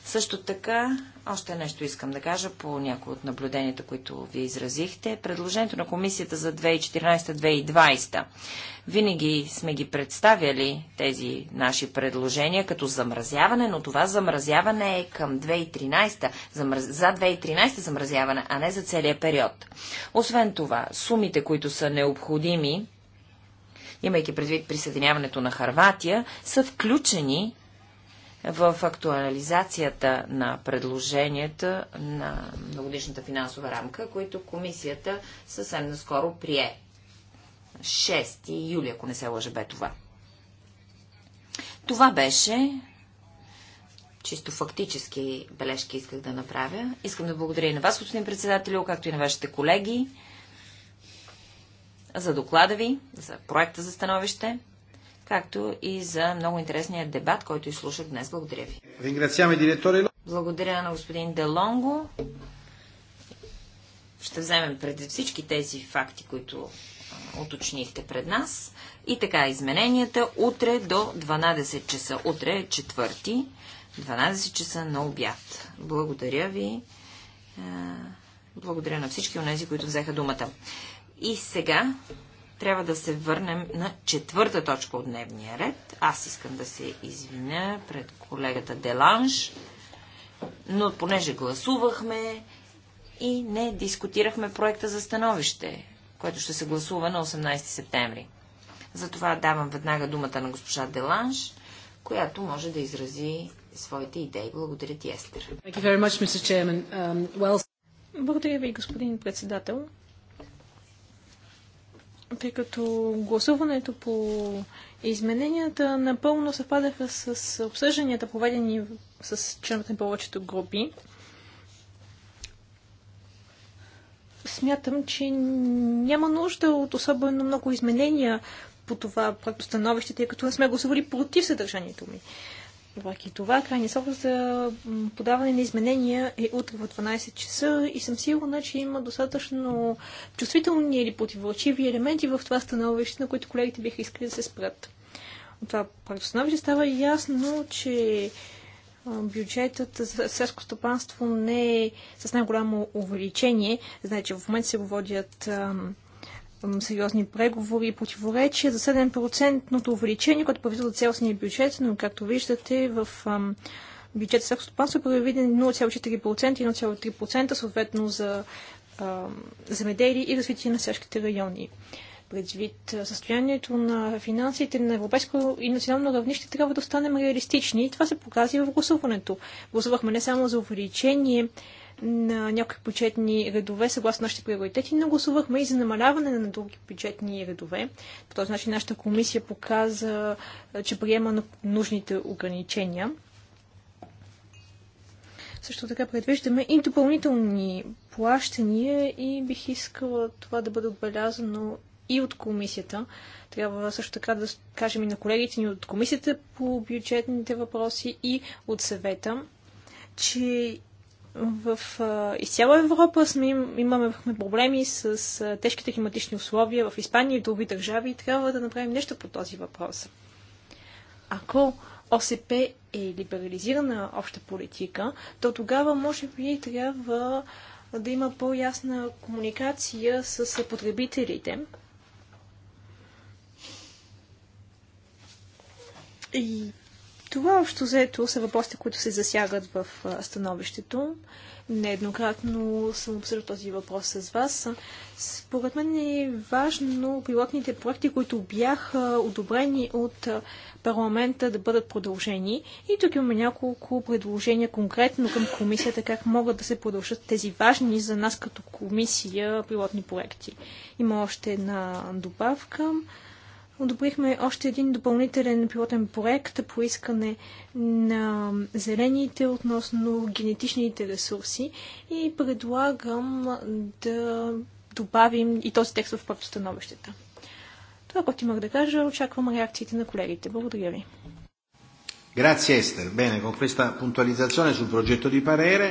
Speaker 1: Също така още нещо искам да кажа по някои от наблюденията, които вие изразихте. Предложението на комисията за 2014-2020. Винаги сме ги представяли тези наши предложения като замразяване, но това замразяване е към 2013, замраз... за 2013 замразяване, а не за целия период. Освен това, сумите, които са необходими, имайки предвид присъединяването на Харватия, са включени в актуализацията на предложенията на многодишната финансова рамка, които комисията съвсем наскоро прие. 6 юли, ако не се лъже, бе това. Това беше чисто фактически бележки исках да направя. Искам да благодаря и на вас, господин председател, както и на вашите колеги за доклада ви, за проекта за становище както и за много интересния дебат, който изслушах днес. Благодаря ви. Благодаря на господин Делонго. Ще вземем преди всички тези факти, които уточнихте пред нас. И така, измененията утре до 12 часа. Утре е четвърти, 12 часа на обяд. Благодаря ви. Благодаря на всички от тези, които взеха думата. И сега трябва да се върнем на четвърта точка от дневния ред. Аз искам да се извиня пред колегата Деланш, но понеже гласувахме и не дискутирахме проекта за становище, което ще се гласува на 18 септември. Затова давам веднага думата на госпожа Деланш, която може да изрази своите идеи. Благодаря ти, Естер.
Speaker 2: Um, Благодаря ви, господин председател тъй като гласуването по измененията напълно съвпадаха с обсъжданията, проведени с членовете на повечето групи. Смятам, че няма нужда от особено много изменения по това становище, тъй като не сме гласували против съдържанието ми. Въпреки това, крайният срок за подаване на изменения е утре в 12 часа и съм сигурна, че има достатъчно чувствителни или противоречиви елементи в това становище, на които колегите биха искали да се спрат. От това проекто става ясно, че бюджетът за селско стопанство не е с най-голямо увеличение. Значи в момента се водят ам, сериозни преговори и противоречия за 7%-ното увеличение, което повиза за целостния бюджет, но както виждате в бюджет селско стопанство е проявиден 0,4% и 0,3% съответно за земеделие и развитие на селските райони. Предвид състоянието на финансите на европейско и национално равнище, трябва да останем реалистични и това се показва и в гласуването. Гласувахме не само за увеличение на някои бюджетни редове, съгласно нашите приоритети, но гласувахме и за намаляване на други бюджетни редове. По този начин нашата комисия показа, че приема нужните ограничения. Също така предвиждаме и допълнителни плащания и бих искала това да бъде отбелязано и от комисията. Трябва също така да кажем и на колегите ни от комисията по бюджетните въпроси и от съвета, че в изцяла Европа сме, имаме проблеми с тежките климатични условия в Испания и други държави и трябва да направим нещо по този въпрос. Ако ОСП е либерализирана обща политика, то тогава може би трябва да има по-ясна комуникация с потребителите. И това общо взето са въпросите, които се засягат в становището. Нееднократно съм обсъждал този въпрос с вас. Според мен е важно пилотните проекти, които бяха одобрени от парламента да бъдат продължени. И тук имаме няколко предложения конкретно към комисията, как могат да се продължат тези важни за нас като комисия пилотни проекти. Има още една добавка одобрихме още един допълнителен пилотен проект по искане на зелените относно генетичните ресурси и предлагам да добавим и този текст в проектостановищата. Това, което имах да кажа, очаквам реакциите на колегите. Благодаря ви. Grazie Esther. Bene, con questa puntualizzazione sul progetto di parere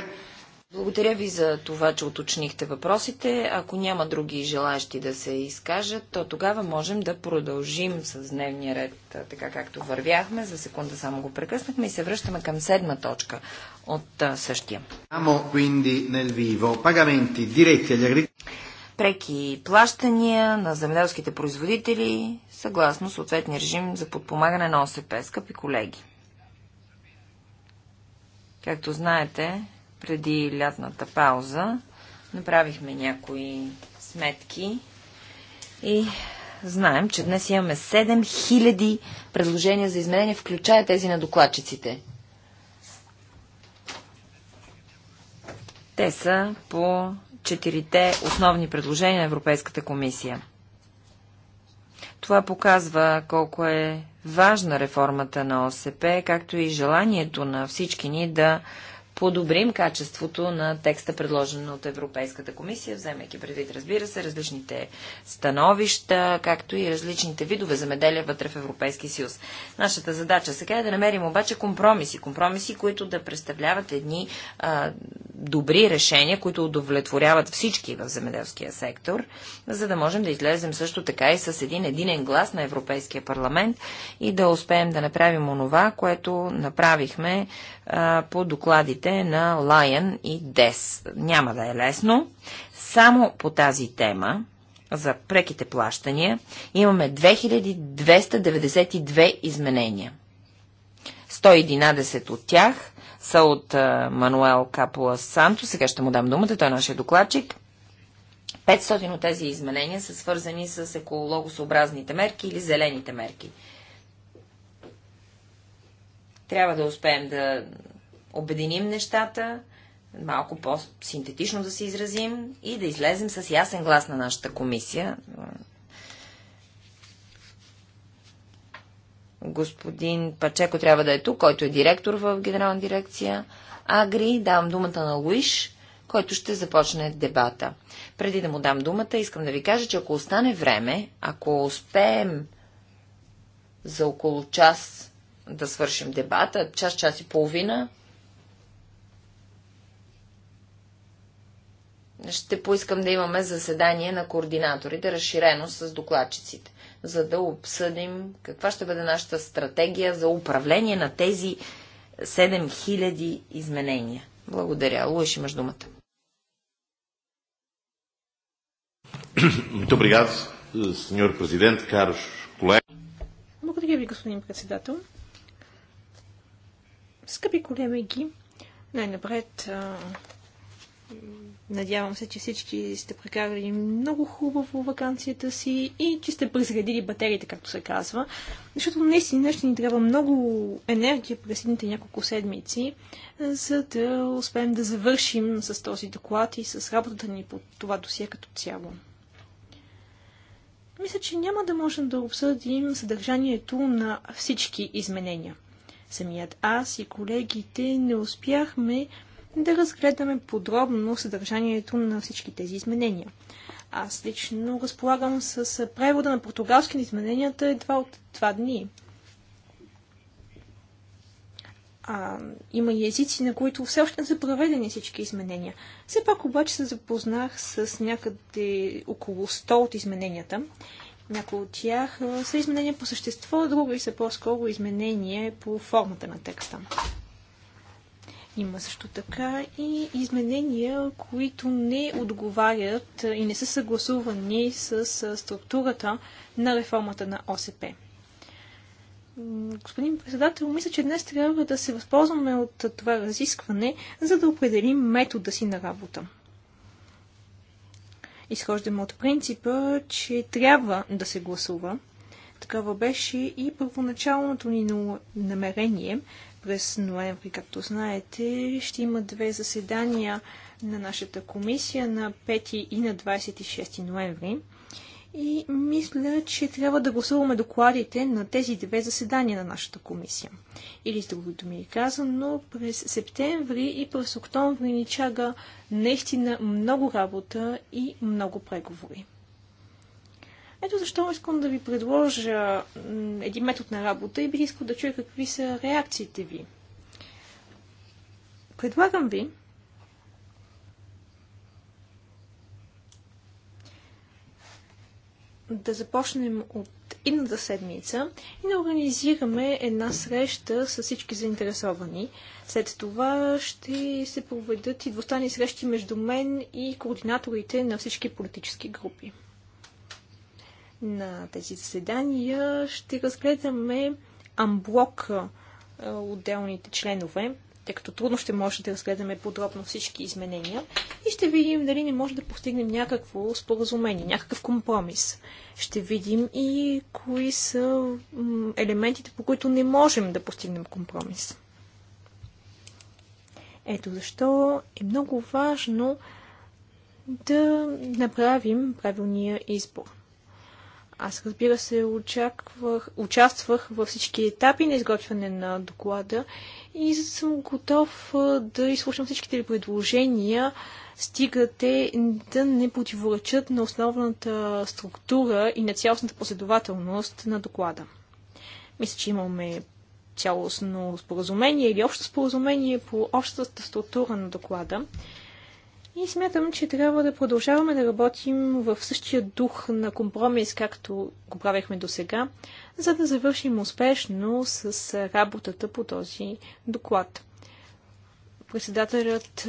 Speaker 2: благодаря ви за това, че
Speaker 1: уточнихте въпросите. Ако няма други желаящи да се изкажат, то тогава можем да продължим с дневния ред, така както вървяхме. За секунда само го прекъснахме и се връщаме към седма точка от същия. Преки плащания на земеделските производители съгласно съответния режим за подпомагане на ОСП, скъпи колеги. Както знаете, преди лятната пауза. Направихме някои сметки и знаем, че днес имаме 7000 предложения за изменения, включая тези на докладчиците. Те са по четирите основни предложения на Европейската комисия. Това показва колко е важна реформата на ОСП, както и желанието на всички ни да подобрим качеството на текста, предложен от Европейската комисия, вземайки предвид, разбира се, различните становища, както и различните видове земеделие вътре в Европейския съюз. Нашата задача сега е да намерим обаче компромиси. Компромиси, които да представляват едни а, добри решения, които удовлетворяват всички в земеделския сектор, за да можем да излезем също така и с един единен глас на Европейския парламент и да успеем да направим онова, което направихме а, по докладите на Lion и DES. Няма да е лесно. Само по тази тема за преките плащания имаме 2292 изменения. 111 от тях са от а, Мануел Капула Санто. Сега ще му дам думата, той е нашия докладчик. 500 от тези изменения са свързани с екологосъобразните мерки или зелените мерки. Трябва да успеем да обединим нещата, малко по-синтетично да се изразим и да излезем с ясен глас на нашата комисия. Господин Пачеко трябва да е тук, който е директор в Генерална дирекция Агри. Давам думата на Луиш, който ще започне дебата. Преди да му дам думата, искам да ви кажа, че ако остане време, ако успеем за около час да свършим дебата. Час, час и половина. Ще поискам да имаме заседание на координаторите, разширено с докладчиците, за да обсъдим каква ще бъде нашата стратегия за управление на тези 7000 изменения. Благодаря. Луиш, имаш думата.
Speaker 3: Добре, obrigado, Sr. Presidente, caros
Speaker 2: Благодаря ви, господин председател. Скъпи колеги, най-напред надявам се, че всички сте прекарали много хубаво вакансията си и че сте презредили батериите, както се казва. Защото наистина ще ни трябва много енергия през следните няколко седмици, за да успеем да завършим с този доклад и с работата ни по това досие като цяло. Мисля, че няма да можем да обсъдим съдържанието на всички изменения. Самият аз и колегите не успяхме да разгледаме подробно съдържанието на всички тези изменения. Аз лично разполагам с превода на португалски на измененията едва от два дни. А, има и езици, на които все още не са проведени всички изменения. Все пак обаче се запознах с някъде около 100 от измененията някои от тях са изменения по същество, други са по-скоро изменения по формата на текста. Има също така и изменения, които не отговарят и не са съгласувани с структурата на реформата на ОСП. Господин председател, мисля, че днес трябва да се възползваме от това разискване, за да определим метода си на работа изхождаме от принципа, че трябва да се гласува. Такава беше и първоначалното ни намерение. През ноември, както знаете, ще има две заседания на нашата комисия на 5 и на 26 ноември и мисля, че трябва да гласуваме докладите на тези две заседания на нашата комисия. Или с други думи казано, през септември и през октомври ни чага наистина много работа и много преговори. Ето защо искам да ви предложа един метод на работа и бих искал да чуя какви са реакциите ви. Предлагам ви да започнем от идната седмица и да организираме една среща с всички заинтересовани. След това ще се проведат и двустани срещи между мен и координаторите на всички политически групи. На тези заседания ще разгледаме амблок е, отделните членове тъй като трудно ще може да разгледаме подробно всички изменения и ще видим дали не може да постигнем някакво споразумение, някакъв компромис. Ще видим и кои са елементите, по които не можем да постигнем компромис. Ето защо е много важно да направим правилния избор. Аз, разбира се, очаквах, участвах във всички етапи на изготвяне на доклада и съм готов да изслушам всичките ви предложения, стигате да не противоречат на основната структура и на цялостната последователност на доклада. Мисля, че имаме цялостно споразумение или общо споразумение по общата структура на доклада. И смятам, че трябва да продължаваме да работим в същия дух на компромис, както го правихме до сега, за да завършим успешно с работата по този доклад. Председателят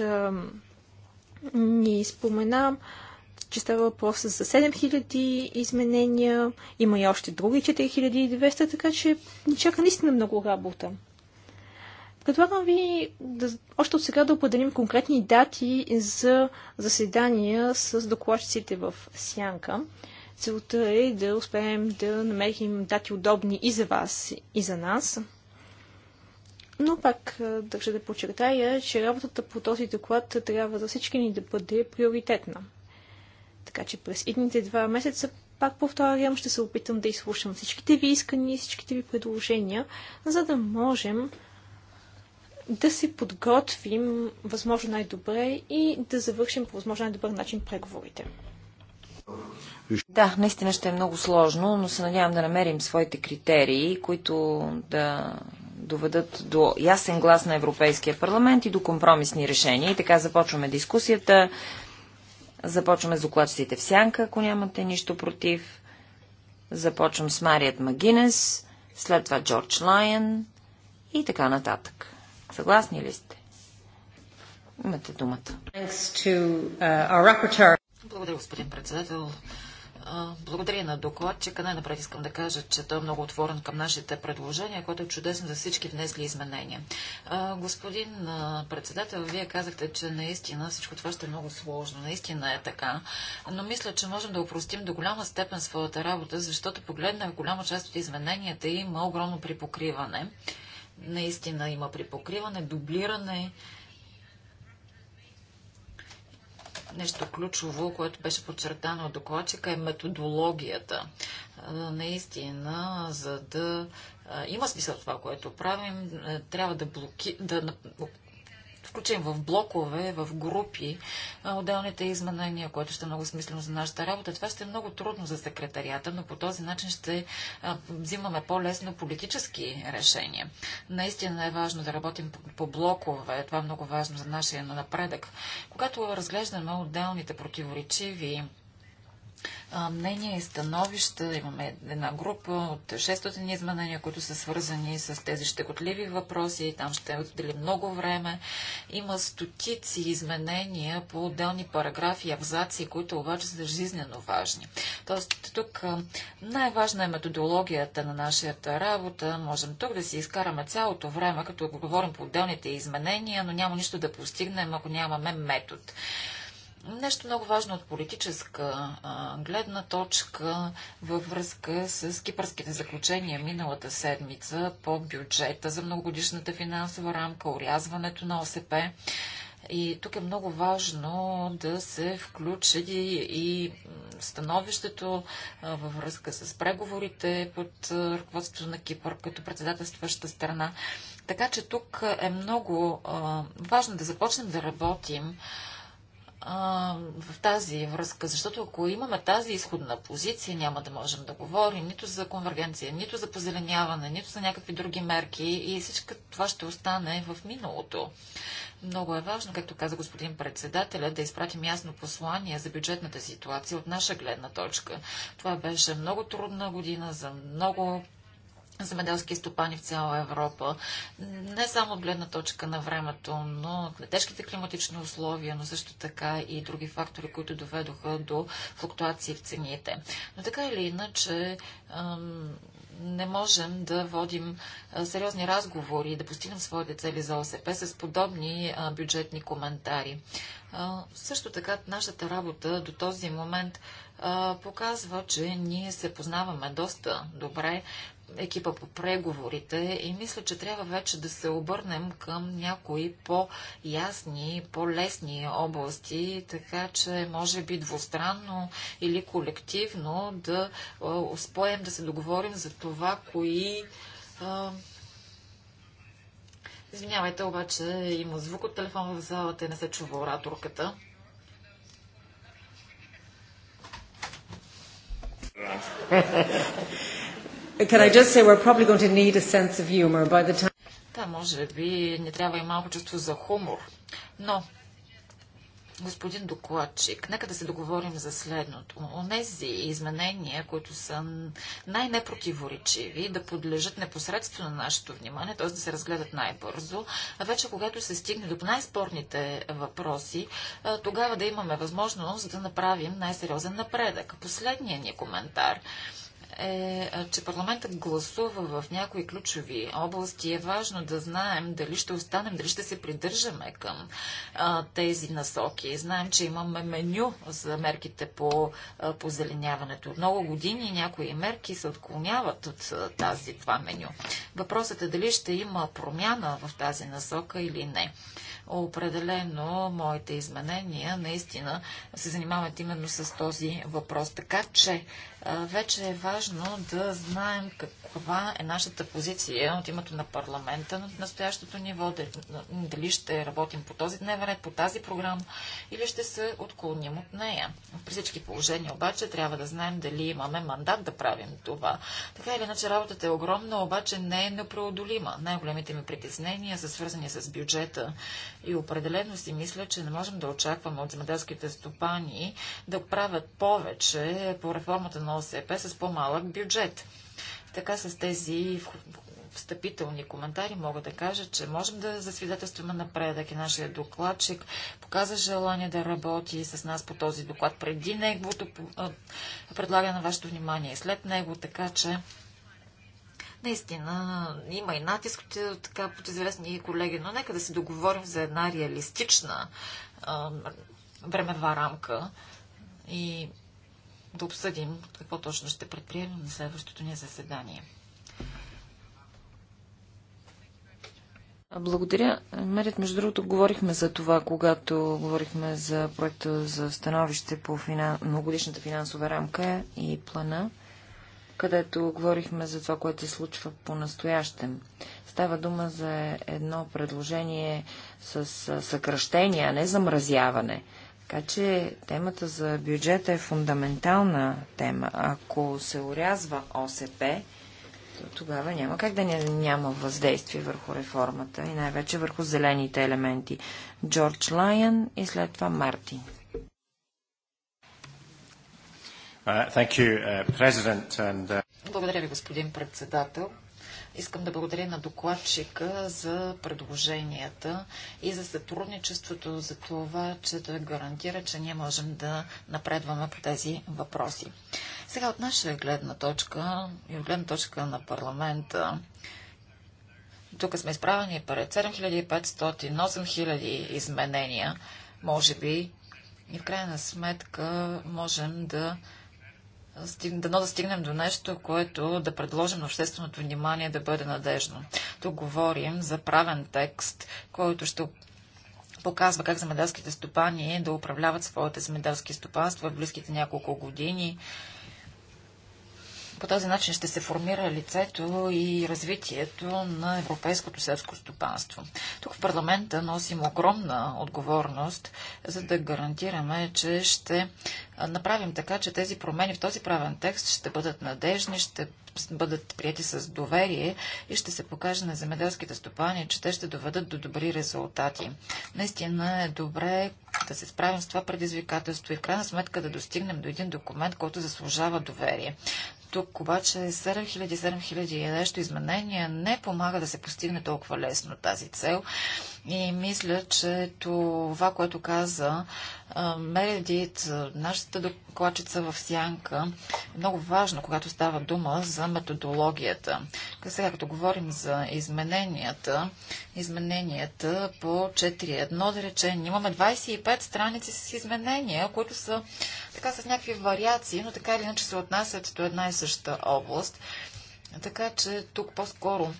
Speaker 2: ни спомена, че става въпрос за 7000 изменения, има и още други 4200, така че ни чака наистина много работа. Предлагам ви да, още от сега да определим конкретни дати за заседания с докладчиците в Сянка. Целта е да успеем да намерим дати удобни и за вас, и за нас. Но пак държа да подчертая, че работата по този доклад трябва за всички ни да бъде приоритетна. Така че през идните два месеца, пак повторям, ще се опитам да изслушам всичките ви искания, всичките ви предложения, за да можем да се подготвим възможно най-добре и да завършим по възможно най-добър начин преговорите.
Speaker 1: Да, наистина ще е много сложно, но се надявам да намерим своите критерии, които да доведат до ясен глас на Европейския парламент и до компромисни решения. И така започваме дискусията. Започваме с докладците в сянка, ако нямате нищо против. Започвам с Марият Магинес, след това Джордж Лайен и така нататък. Съгласни ли сте? Имате думата. Uh,
Speaker 3: благодаря, господин председател. Благодаря на докладчика. Най-напред искам да кажа, че той е много отворен към нашите предложения, което е чудесно за всички внесли изменения. Господин председател, вие казахте, че наистина всичко това ще е много сложно. Наистина е така. Но мисля, че можем да упростим до голяма степен своята работа, защото погледнах голяма част от измененията има огромно припокриване. Наистина има припокриване, дублиране. Нещо ключово, което беше подчертано от докладчика е методологията. Наистина, за да има смисъл това, което правим, е, трябва да, блоки... да включим в блокове, в групи отделните изменения, което ще е много смислено за нашата работа. Това ще е много трудно за секретарията, но по този начин ще взимаме по-лесно политически решения. Наистина е важно да работим по блокове. Това е много важно за нашия напредък. Когато разглеждаме отделните противоречиви мнения и становища. Имаме една група от 600 изменения, които са свързани с тези щекотливи въпроси и там ще отдели много време. Има стотици изменения по отделни параграфи и абзаци, които обаче са жизненно важни. Тоест, тук най-важна е методологията на нашата работа. Можем тук да си изкараме цялото време, като говорим по отделните изменения, но няма нищо да постигнем, ако нямаме метод. Нещо много важно от политическа а, гледна точка във връзка с кипърските заключения миналата седмица по бюджета за многогодишната финансова рамка, урязването на ОСП. И тук е много важно да се включи и становището във връзка с преговорите под ръководството на Кипър като председателстваща страна. Така че тук е много а, важно да започнем да работим а, в тази връзка, защото ако имаме тази изходна позиция, няма да можем да говорим нито за конвергенция, нито за позеленяване, нито за някакви други мерки и всичко това ще остане в миналото. Много е важно, както каза господин председателя, да изпратим ясно послание за бюджетната ситуация от наша гледна точка. Това беше много трудна година за много земеделски стопани в цяла Европа. Не само от гледна точка на времето, но тежките климатични условия, но също така и други фактори, които доведоха до флуктуации в цените. Но така или иначе, не можем да водим сериозни разговори и да постигнем своите цели за ОСП с подобни бюджетни коментари. също така, нашата работа до този момент показва, че ние се познаваме доста добре, екипа по преговорите и мисля, че трябва вече да се обърнем към някои по-ясни, по-лесни области, така че може би двустранно или колективно да успеем да се договорим за това, кои Извинявайте, обаче има звук от телефон в залата и не се чува ораторката.
Speaker 1: Can I just say we're probably going to need a sense of humor by the time...
Speaker 3: Да, може би не трябва и малко чувство за хумор. Но, господин докладчик, нека да се договорим за следното. Онези изменения, които са най-непротиворечиви, да подлежат непосредствено на нашето внимание, т.е. да се разгледат най-бързо, а вече когато се стигне до най-спорните въпроси, тогава да имаме възможност да направим най-сериозен напредък. Последният ни коментар е, че парламентът гласува в някои ключови области. Е важно да знаем дали ще останем, дали ще се придържаме към а, тези насоки. Знаем, че имаме меню за мерките по а, позеленяването. Много години някои мерки се отклоняват от а, тази, това меню. Въпросът е дали ще има промяна в тази насока или не определено моите изменения наистина се занимават именно с този въпрос. Така че вече е важно да знаем как каква е нашата позиция от името на парламента на настоящото ниво, дали ще работим по този дневен ред, по тази програма или ще се отклоним от нея. При всички положения обаче трябва да знаем дали имаме мандат да правим това. Така или иначе работата е огромна, обаче не е непреодолима. Най-големите ми притеснения са свързани с бюджета и определено си мисля, че не можем да очакваме от земеделските стопани да правят повече по реформата на ОСП с по-малък бюджет. Така с тези встъпителни коментари мога да кажа, че можем да засвидетелстваме напредък и нашия докладчик показа желание да работи с нас по този доклад преди неговото предлагане на вашето внимание и след него, така че наистина има и натиск е, така, под известни колеги, но нека да се договорим за една реалистична времева рамка и да обсъдим какво точно ще предприемем на следващото ни заседание.
Speaker 1: Благодаря. Мерят, между другото, говорихме за това, когато говорихме за проекта за становище по финан... финансова рамка и плана, където говорихме за това, което се случва по-настоящем. Става дума за едно предложение с съкръщение, а не замразяване. Така че темата за бюджета е фундаментална тема. Ако се урязва ОСП, то тогава няма как да няма въздействие върху реформата и най-вече върху зелените елементи. Джордж Лайън и след това Мартин.
Speaker 3: Uh, uh, uh, Благодаря ви, господин председател. Искам да благодаря на докладчика за предложенията и за сътрудничеството за това, че той гарантира, че ние можем да напредваме по тези въпроси. Сега от наша гледна точка и от гледна точка на парламента, тук сме изправени пред 7500, 8000 изменения, може би, и в крайна сметка можем да дано да стигнем до нещо, което да предложим на общественото внимание да бъде надежно. Тук говорим за правен текст, който ще показва как земеделските стопани да управляват своите земеделски стопанства в близките няколко години по този начин ще се формира лицето и развитието на европейското селско стопанство. Тук в парламента носим огромна отговорност, за да гарантираме, че ще направим така, че тези промени в този правен текст ще бъдат надежни, ще бъдат прияти с доверие и ще се покаже на земеделските стопани, че те ще доведат до добри резултати. Наистина е добре да се справим с това предизвикателство и в крайна сметка да достигнем до един документ, който заслужава доверие. Тук обаче 7000-7000 и нещо изменения не помага да се постигне толкова лесно тази цел. И мисля, че това, което каза Мередит, нашата докладчица в Сянка, е много важно, когато става дума за методологията. Сега, като говорим за измененията, измененията по 4.1, да речем, имаме 25 страници с изменения, които са така с някакви вариации, но така или иначе се отнасят до една и съща област. Така че тук по-скоро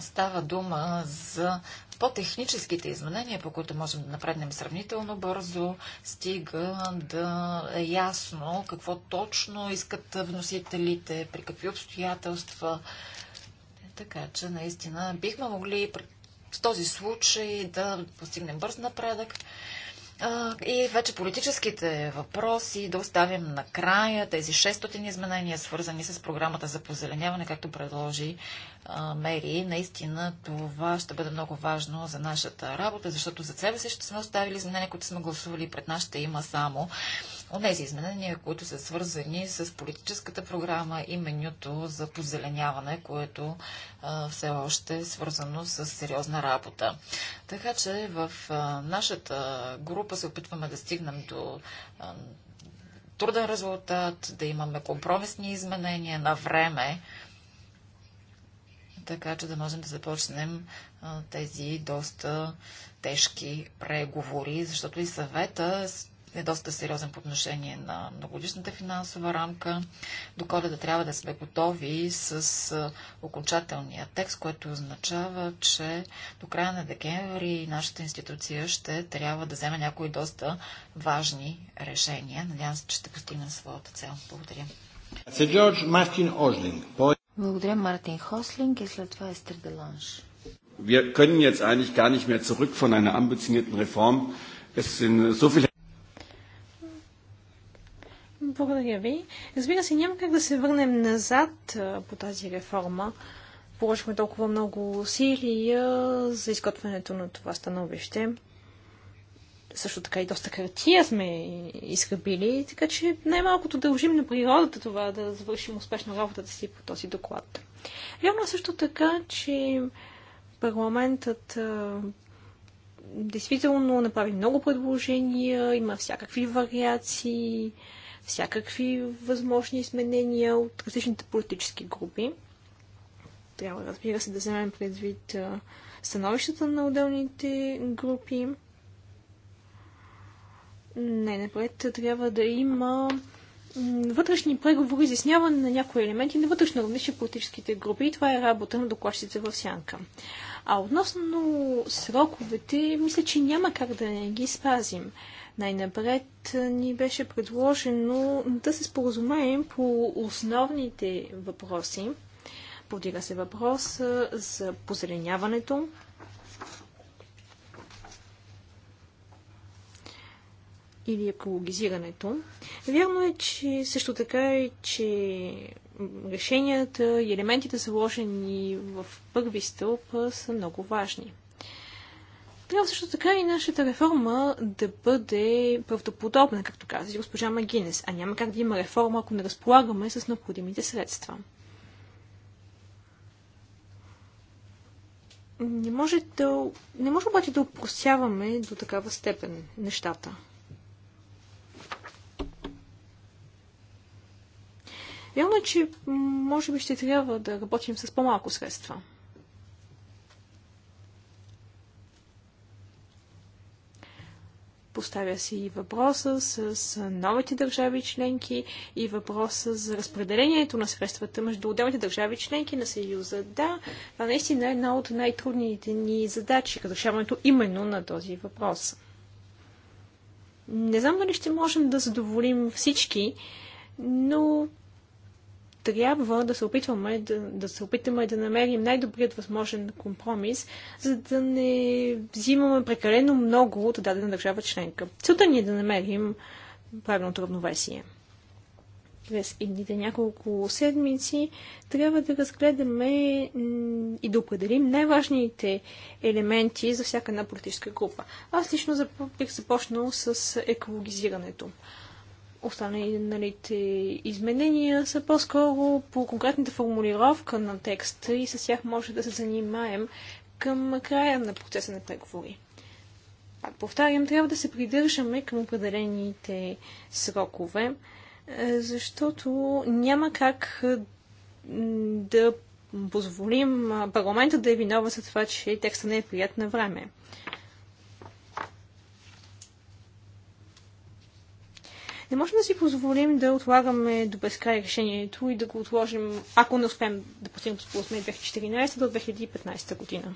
Speaker 3: става дума за по-техническите изменения, по които можем да напреднем сравнително бързо, стига да е ясно какво точно искат вносителите, при какви обстоятелства. Така че наистина бихме могли в този случай да постигнем бърз напредък. И вече политическите въпроси да оставим на края тези 600 изменения, свързани с програмата за позеленяване, както предложи Мери. Наистина това ще бъде много важно за нашата работа, защото за себе си ще сме оставили изменения, които сме гласували пред нас, ще има само от тези изменения, които са свързани с политическата програма и менюто за позеленяване, което все още е свързано с сериозна работа. Така че в нашата група се опитваме да стигнем до труден резултат, да имаме компромисни изменения на време, така че да можем да започнем тези доста тежки преговори, защото и съвета е доста сериозен по отношение на многодишната финансова рамка. До коледа трябва да сме готови с окончателния текст, което означава, че до края на декември нашата институция ще трябва да вземе някои доста важни решения. Надявам се, че ще постигнем своята цел. Благодаря.
Speaker 1: Благодаря, Мартин Хослинг и след това Естер Деланш. Wir können jetzt eigentlich gar nicht mehr zurück von einer ambitionierten Reform. Es sind so viele
Speaker 2: благодаря ви. Разбира се, няма как да се върнем назад по тази реформа. Положихме толкова много усилия за изготвянето на това становище. Също така и доста картия сме изхъбили, така че най-малкото дължим на природата това да завършим успешно работата си по този доклад. Явно е също така, че парламентът действително направи много предложения, има всякакви вариации, всякакви възможни изменения от различните политически групи. Трябва, разбира се, да вземем предвид становищата на отделните групи. Не, напред трябва да има вътрешни преговори, изясняване на някои елементи на вътрешно равнище политическите групи и това е работа на докладчиците в сянка. А относно сроковете, мисля, че няма как да не ги спазим. Най-напред ни беше предложено да се споразумеем по основните въпроси. Подига се въпрос за позеленяването, или екологизирането. Вярно е, че също така е, че решенията и елементите, заложени в първи стълб, са много важни. Трябва също така и нашата реформа да бъде правдоподобна, както каза госпожа Магинес. А няма как да има реформа, ако не разполагаме с необходимите средства. Не може, да, не може обаче да упростяваме до такава степен нещата. Вярно е, че може би ще трябва да работим с по-малко средства. Поставя се и въпроса с новите държави членки и въпроса за разпределението на средствата между отделните държави членки на Съюза. Да, това наистина е една от най-трудните ни задачи, решаването именно на този въпрос. Не знам дали ще можем да задоволим всички, но трябва да се опитваме да, да се опитаме да намерим най-добрият възможен компромис, за да не взимаме прекалено много от дадена държава членка. Целта ни е да намерим правилното равновесие. През едните няколко седмици трябва да разгледаме и да определим най-важните елементи за всяка една политическа група. Аз лично бих започнал с екологизирането. Останалите изменения са по-скоро по конкретната формулировка на текста и с тях може да се занимаем към края на процеса на преговори. Пак повтарям, трябва да се придържаме към определените срокове, е, защото няма как е, да позволим парламента да е виновен за това, че текста не е прият на време. Не можем да си позволим да отлагаме до безкрай решението и да го отложим, ако не успеем да постигнем споразумение 2014 до 2015 година.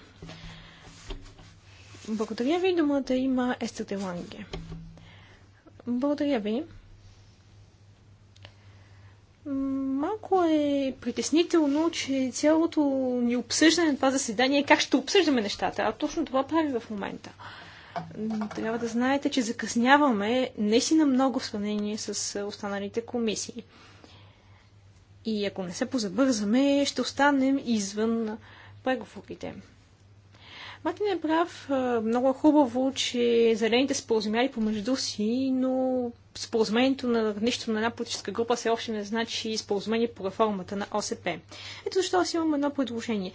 Speaker 2: Благодаря ви. Думата да има Естер Деланге. Благодаря ви. Малко е притеснително, че цялото ни обсъждане на това заседание е как ще обсъждаме нещата. А точно това прави в момента трябва да знаете, че закъсняваме наистина много в сравнение с останалите комисии. И ако не се позабързаме, ще останем извън преговорите. Мартин е прав. Много е хубаво, че зелените споразумяли помежду си, но споразумението на нищо на една политическа група все още не значи споразумение по реформата на ОСП. Ето защо аз имам едно предложение.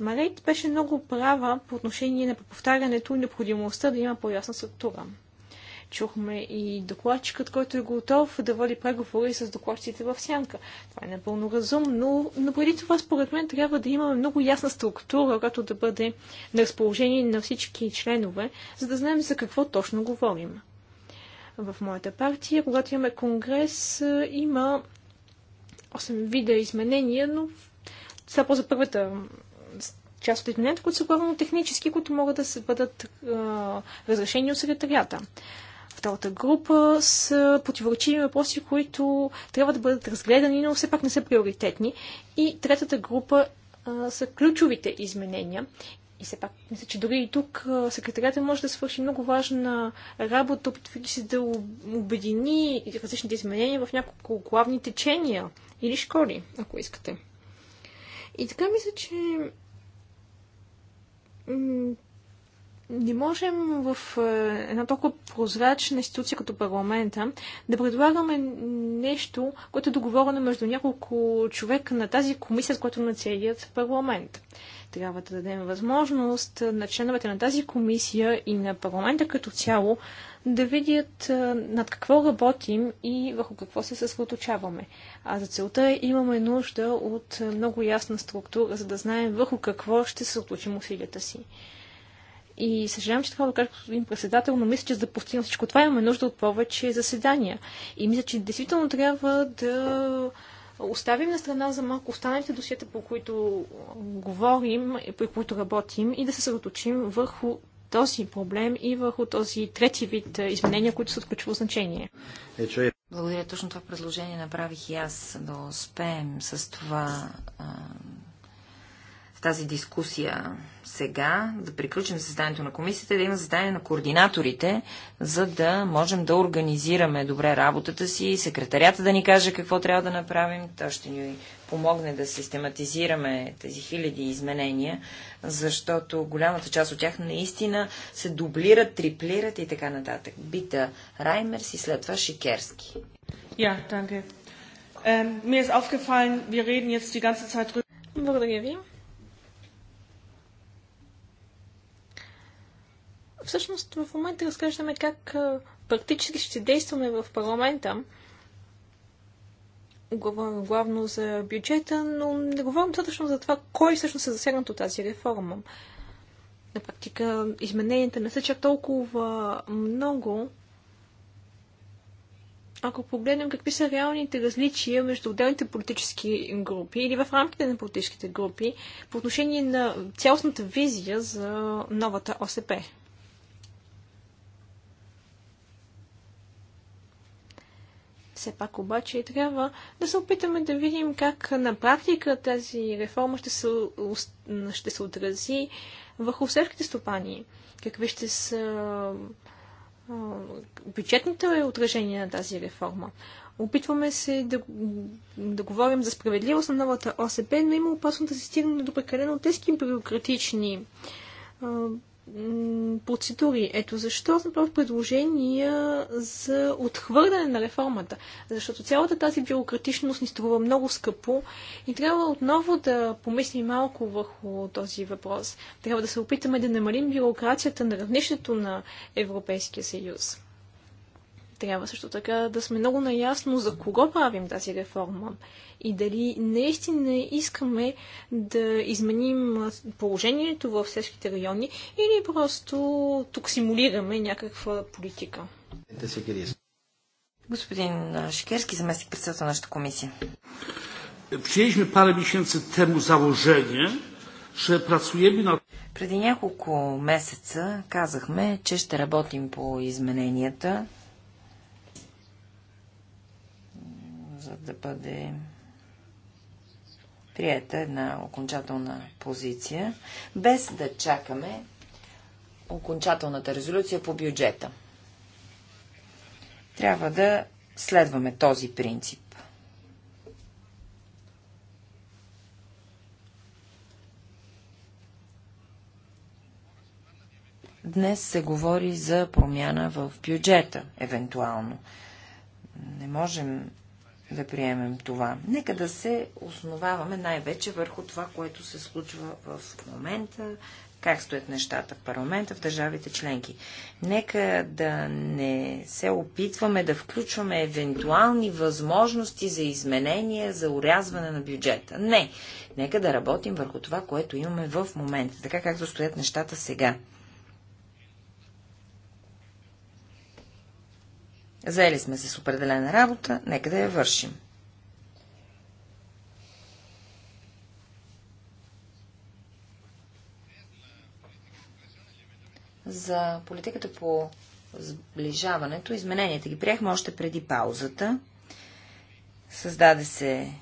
Speaker 2: Марейт беше много права по отношение на повтарянето и необходимостта да има по-ясна структура. Чухме и докладчикът, който е готов да води преговори с докладчиците в сянка. Това е напълно разумно, но преди това, според мен, трябва да имаме много ясна структура, която да бъде на разположение на всички членове, за да знаем за какво точно говорим. В моята партия, когато имаме конгрес, има 8 вида изменения, но това е по-за първата част от изменението, които са главно технически, които могат да се бъдат а, разрешени от секретарията втората група са противоречиви въпроси, които трябва да бъдат разгледани, но все пак не са приоритетни. И третата група а, са ключовите изменения. И все пак, мисля, че дори и тук секретарята може да свърши много важна работа, опитвайки се да обедини различните изменения в няколко главни течения или школи, ако искате. И така мисля, че не можем в е, една толкова прозрачна институция като парламента да предлагаме нещо, което е договорено между няколко човека на тази комисия, с която на целият парламент. Трябва да дадем възможност на членовете на тази комисия и на парламента като цяло да видят е, над какво работим и върху какво се съсредоточаваме. А за целта имаме нужда от много ясна структура, за да знаем върху какво ще съсредоточим усилията си. И съжалявам, че така да кажа, господин председател, но мисля, че за да постигна всичко това имаме нужда от повече заседания. И мисля, че действително трябва да оставим на страна за малко останалите досиета, по които говорим, и по които работим и да се съсредоточим върху този проблем и върху този трети вид изменения, които са от ключово значение. Е, Благодаря. Точно това предложение направих и аз да успеем с това
Speaker 1: тази дискусия сега, да приключим заседанието на комисията, да има заседание на координаторите, за да можем да организираме добре работата си, секретарята да ни каже какво трябва да направим, той ще ни помогне да систематизираме тези хиляди изменения, защото голямата част от тях наистина се дублират, триплират и така нататък. Бита Раймерс и след това Шикерски.
Speaker 2: Ja, yeah, Ми е mir aufgefallen, wir reden jetzt die ganze Zeit drüber. Благодаря ви. Всъщност в момента разглеждаме как практически ще действаме в парламента. Говорим главно за бюджета, но не говорим достатъчно за това кой всъщност е засегнат от тази реформа. На практика измененията не са чак толкова много, ако погледнем какви са реалните различия между отделните политически групи или в рамките на политическите групи по отношение на цялостната визия за новата ОСП. Все пак обаче трябва да се опитаме да видим как на практика тази реформа ще се, ще се отрази върху селските стопани. Какви ще са бюджетните отражения на тази реформа. Опитваме се да, да говорим за справедливост на новата ОСП, но има опасност да се стигне до прекалено тески бюрократични процедури. Ето защо съм правил предложения за отхвърляне на реформата. Защото цялата тази бюрократичност ни струва много скъпо и трябва отново да помислим малко върху този въпрос. Трябва да се опитаме да намалим бюрокрацията на равнището на Европейския съюз. Трябва също така да сме много наясно за кого правим тази реформа и дали наистина искаме да изменим положението в селските райони или просто тук симулираме някаква политика. Господин
Speaker 1: Шикерски, заместник председател на нашата комисия.
Speaker 3: Przyjęliśmy parę miesięcy temu założenie,
Speaker 1: że pracujemy na... Преди няколко месеца казахме, че ще работим по измененията да бъде прията една окончателна позиция, без да чакаме окончателната резолюция по бюджета. Трябва да следваме този принцип. Днес се говори за промяна в бюджета, евентуално. Не можем да приемем това. Нека да се основаваме най-вече върху това, което се случва в момента, как стоят нещата в парламента, в държавите членки. Нека да не се опитваме да включваме евентуални възможности за изменения, за урязване на бюджета. Не. Нека да работим върху това, което имаме в момента, така както стоят нещата сега. Заели сме се с определена работа, нека да я вършим. За политиката по сближаването, измененията ги приехме още преди паузата. Създаде се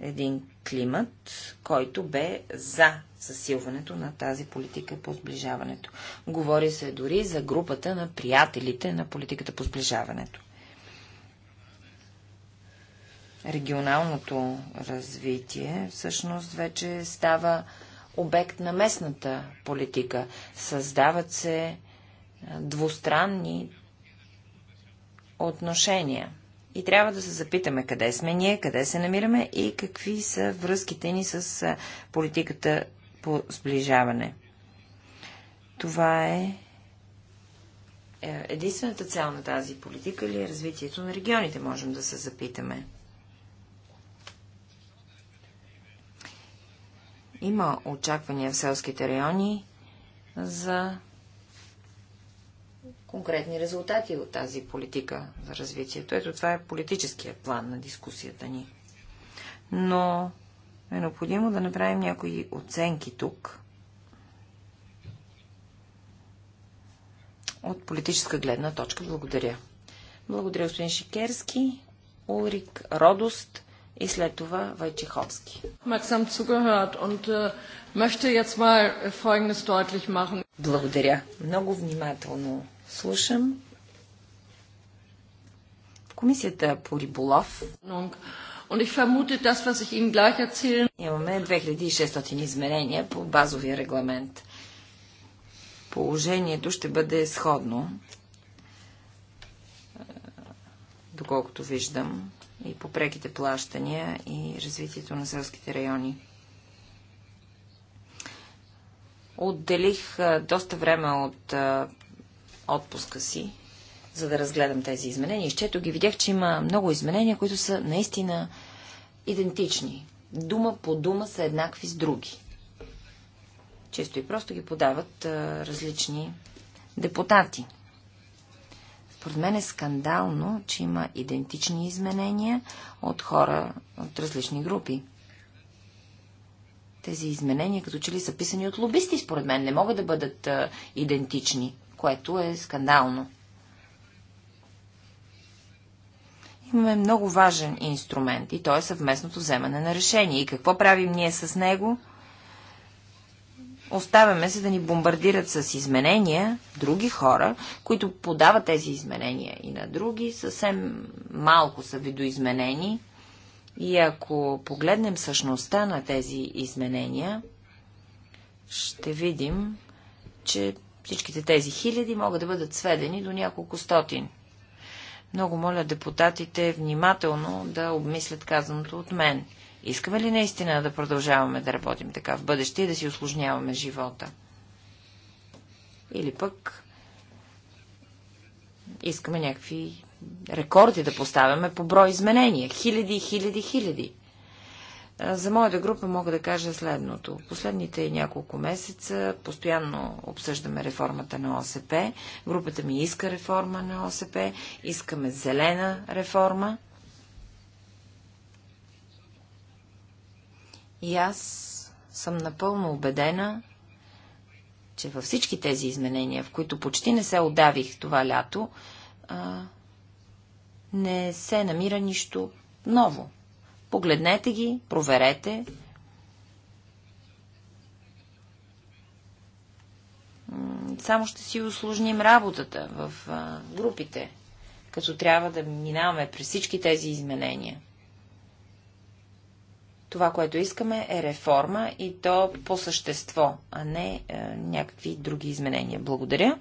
Speaker 1: един климат, който бе за засилването на тази политика по сближаването. Говори се дори за групата на приятелите на политиката по сближаването. Регионалното развитие всъщност вече става обект на местната политика. Създават се двустранни отношения – и трябва да се запитаме къде сме ние, къде се намираме и какви са връзките ни с политиката по сближаване. Това е, е единствената цел на тази политика или е развитието на регионите, можем да се запитаме. Има очаквания в селските райони за конкретни резултати от тази политика за развитието. Ето това е политическия план на дискусията ни. Но е необходимо да направим някои оценки тук от политическа гледна точка. Благодаря. Благодаря, господин Шикерски, Улрик Родост и след това Вайчеховски.
Speaker 3: Äh, äh,
Speaker 1: Благодаря. Много
Speaker 3: внимателно
Speaker 1: Слушам. Комисията по риболов. Имаме 2600 измерения по базовия регламент. Положението ще бъде сходно, е, доколкото виждам, и по преките плащания и развитието на селските райони. Отделих е, доста време от е, отпуска си, за да разгледам тези изменения. Изчето ги видях, че има много изменения, които са наистина идентични. Дума по дума са еднакви с други. Често и просто ги подават а, различни депутати. Според мен е скандално, че има идентични изменения от хора от различни групи. Тези изменения като че ли са писани от лобисти, според мен, не могат да бъдат а, идентични което е скандално. Имаме много важен инструмент и то е съвместното вземане на решение. И какво правим ние с него? Оставяме се да ни бомбардират с изменения други хора, които подават тези изменения и на други. Съвсем малко са видоизменени. И ако погледнем същността на тези изменения, ще видим, че Всичките тези хиляди могат да бъдат сведени до няколко стотин. Много моля депутатите внимателно да обмислят казаното от мен. Искаме ли наистина да продължаваме да работим така в бъдеще и да си осложняваме живота? Или пък искаме някакви рекорди да поставяме по брой изменения. Хиляди, хиляди, хиляди. За моята група мога да кажа следното. Последните няколко месеца постоянно обсъждаме реформата на ОСП. Групата ми иска реформа на ОСП. Искаме зелена реформа. И аз съм напълно убедена, че във всички тези изменения, в които почти не се отдавих това лято, не се намира нищо ново. Погледнете ги, проверете. Само ще си усложним работата в групите, като трябва да минаваме през всички тези изменения. Това, което искаме е реформа и то по същество, а не е, някакви други изменения. Благодаря.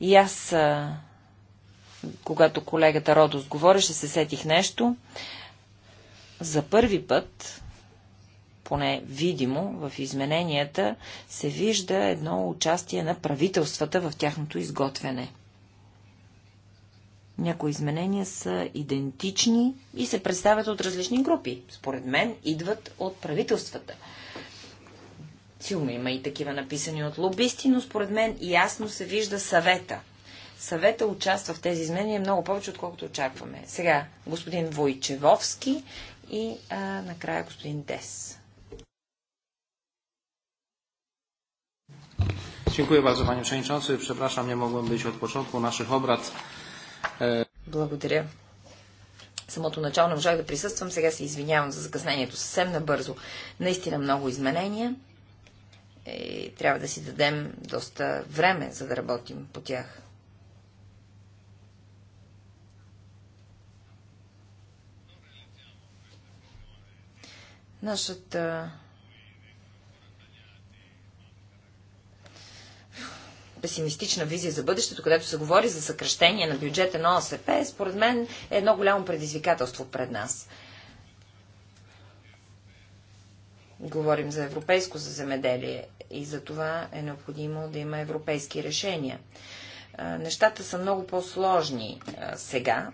Speaker 1: И аз, е, когато колегата Родос говореше, се сетих нещо. Е, за първи път, поне видимо в измененията, се вижда едно участие на правителствата в тяхното изготвяне. Някои изменения са идентични и се представят от различни групи. Според мен идват от правителствата. Силно има и такива написани от лобисти, но според мен ясно се вижда съвета. Съвета участва в тези изменения много повече, отколкото очакваме. Сега, господин Войчевовски и а, накрая господин Дес.
Speaker 3: Dziękuję bardzo panie przewodniczący. Przepraszam, nie mogłem być od początku naszych obrad. E,
Speaker 1: Благодаря. Самото начало не можах да присъствам, сега се извинявам за закъснението съвсем набързо. Наистина много изменения и е, трябва да си дадем доста време, за да работим по тях. Нашата песимистична визия за бъдещето, където се говори за съкръщение на бюджета на ОСП, според мен е едно голямо предизвикателство пред нас. Говорим за европейско за земеделие и за това е необходимо да има европейски решения. Нещата са много по-сложни сега,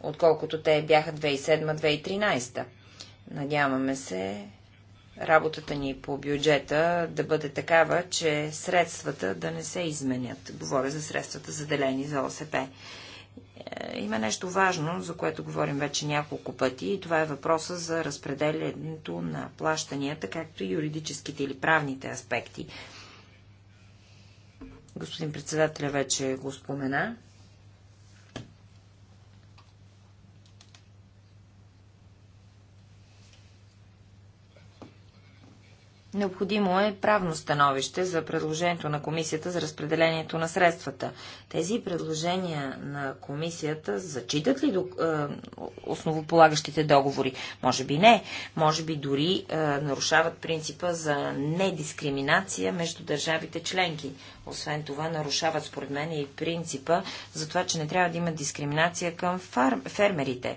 Speaker 1: отколкото те бяха 2007-2013. Надяваме се работата ни по бюджета да бъде такава, че средствата да не се изменят. Говоря за средствата заделени за ОСП. Е, има нещо важно, за което говорим вече няколко пъти, и това е въпроса за разпределението на плащанията, както и юридическите или правните аспекти. Господин председателя вече го спомена. Необходимо е правно становище за предложението на комисията за разпределението на средствата. Тези предложения на комисията зачитат ли е, основополагащите договори? Може би не. Може би дори е, нарушават принципа за недискриминация между държавите членки. Освен това, нарушават според мен и принципа за това, че не трябва да има дискриминация към фермерите.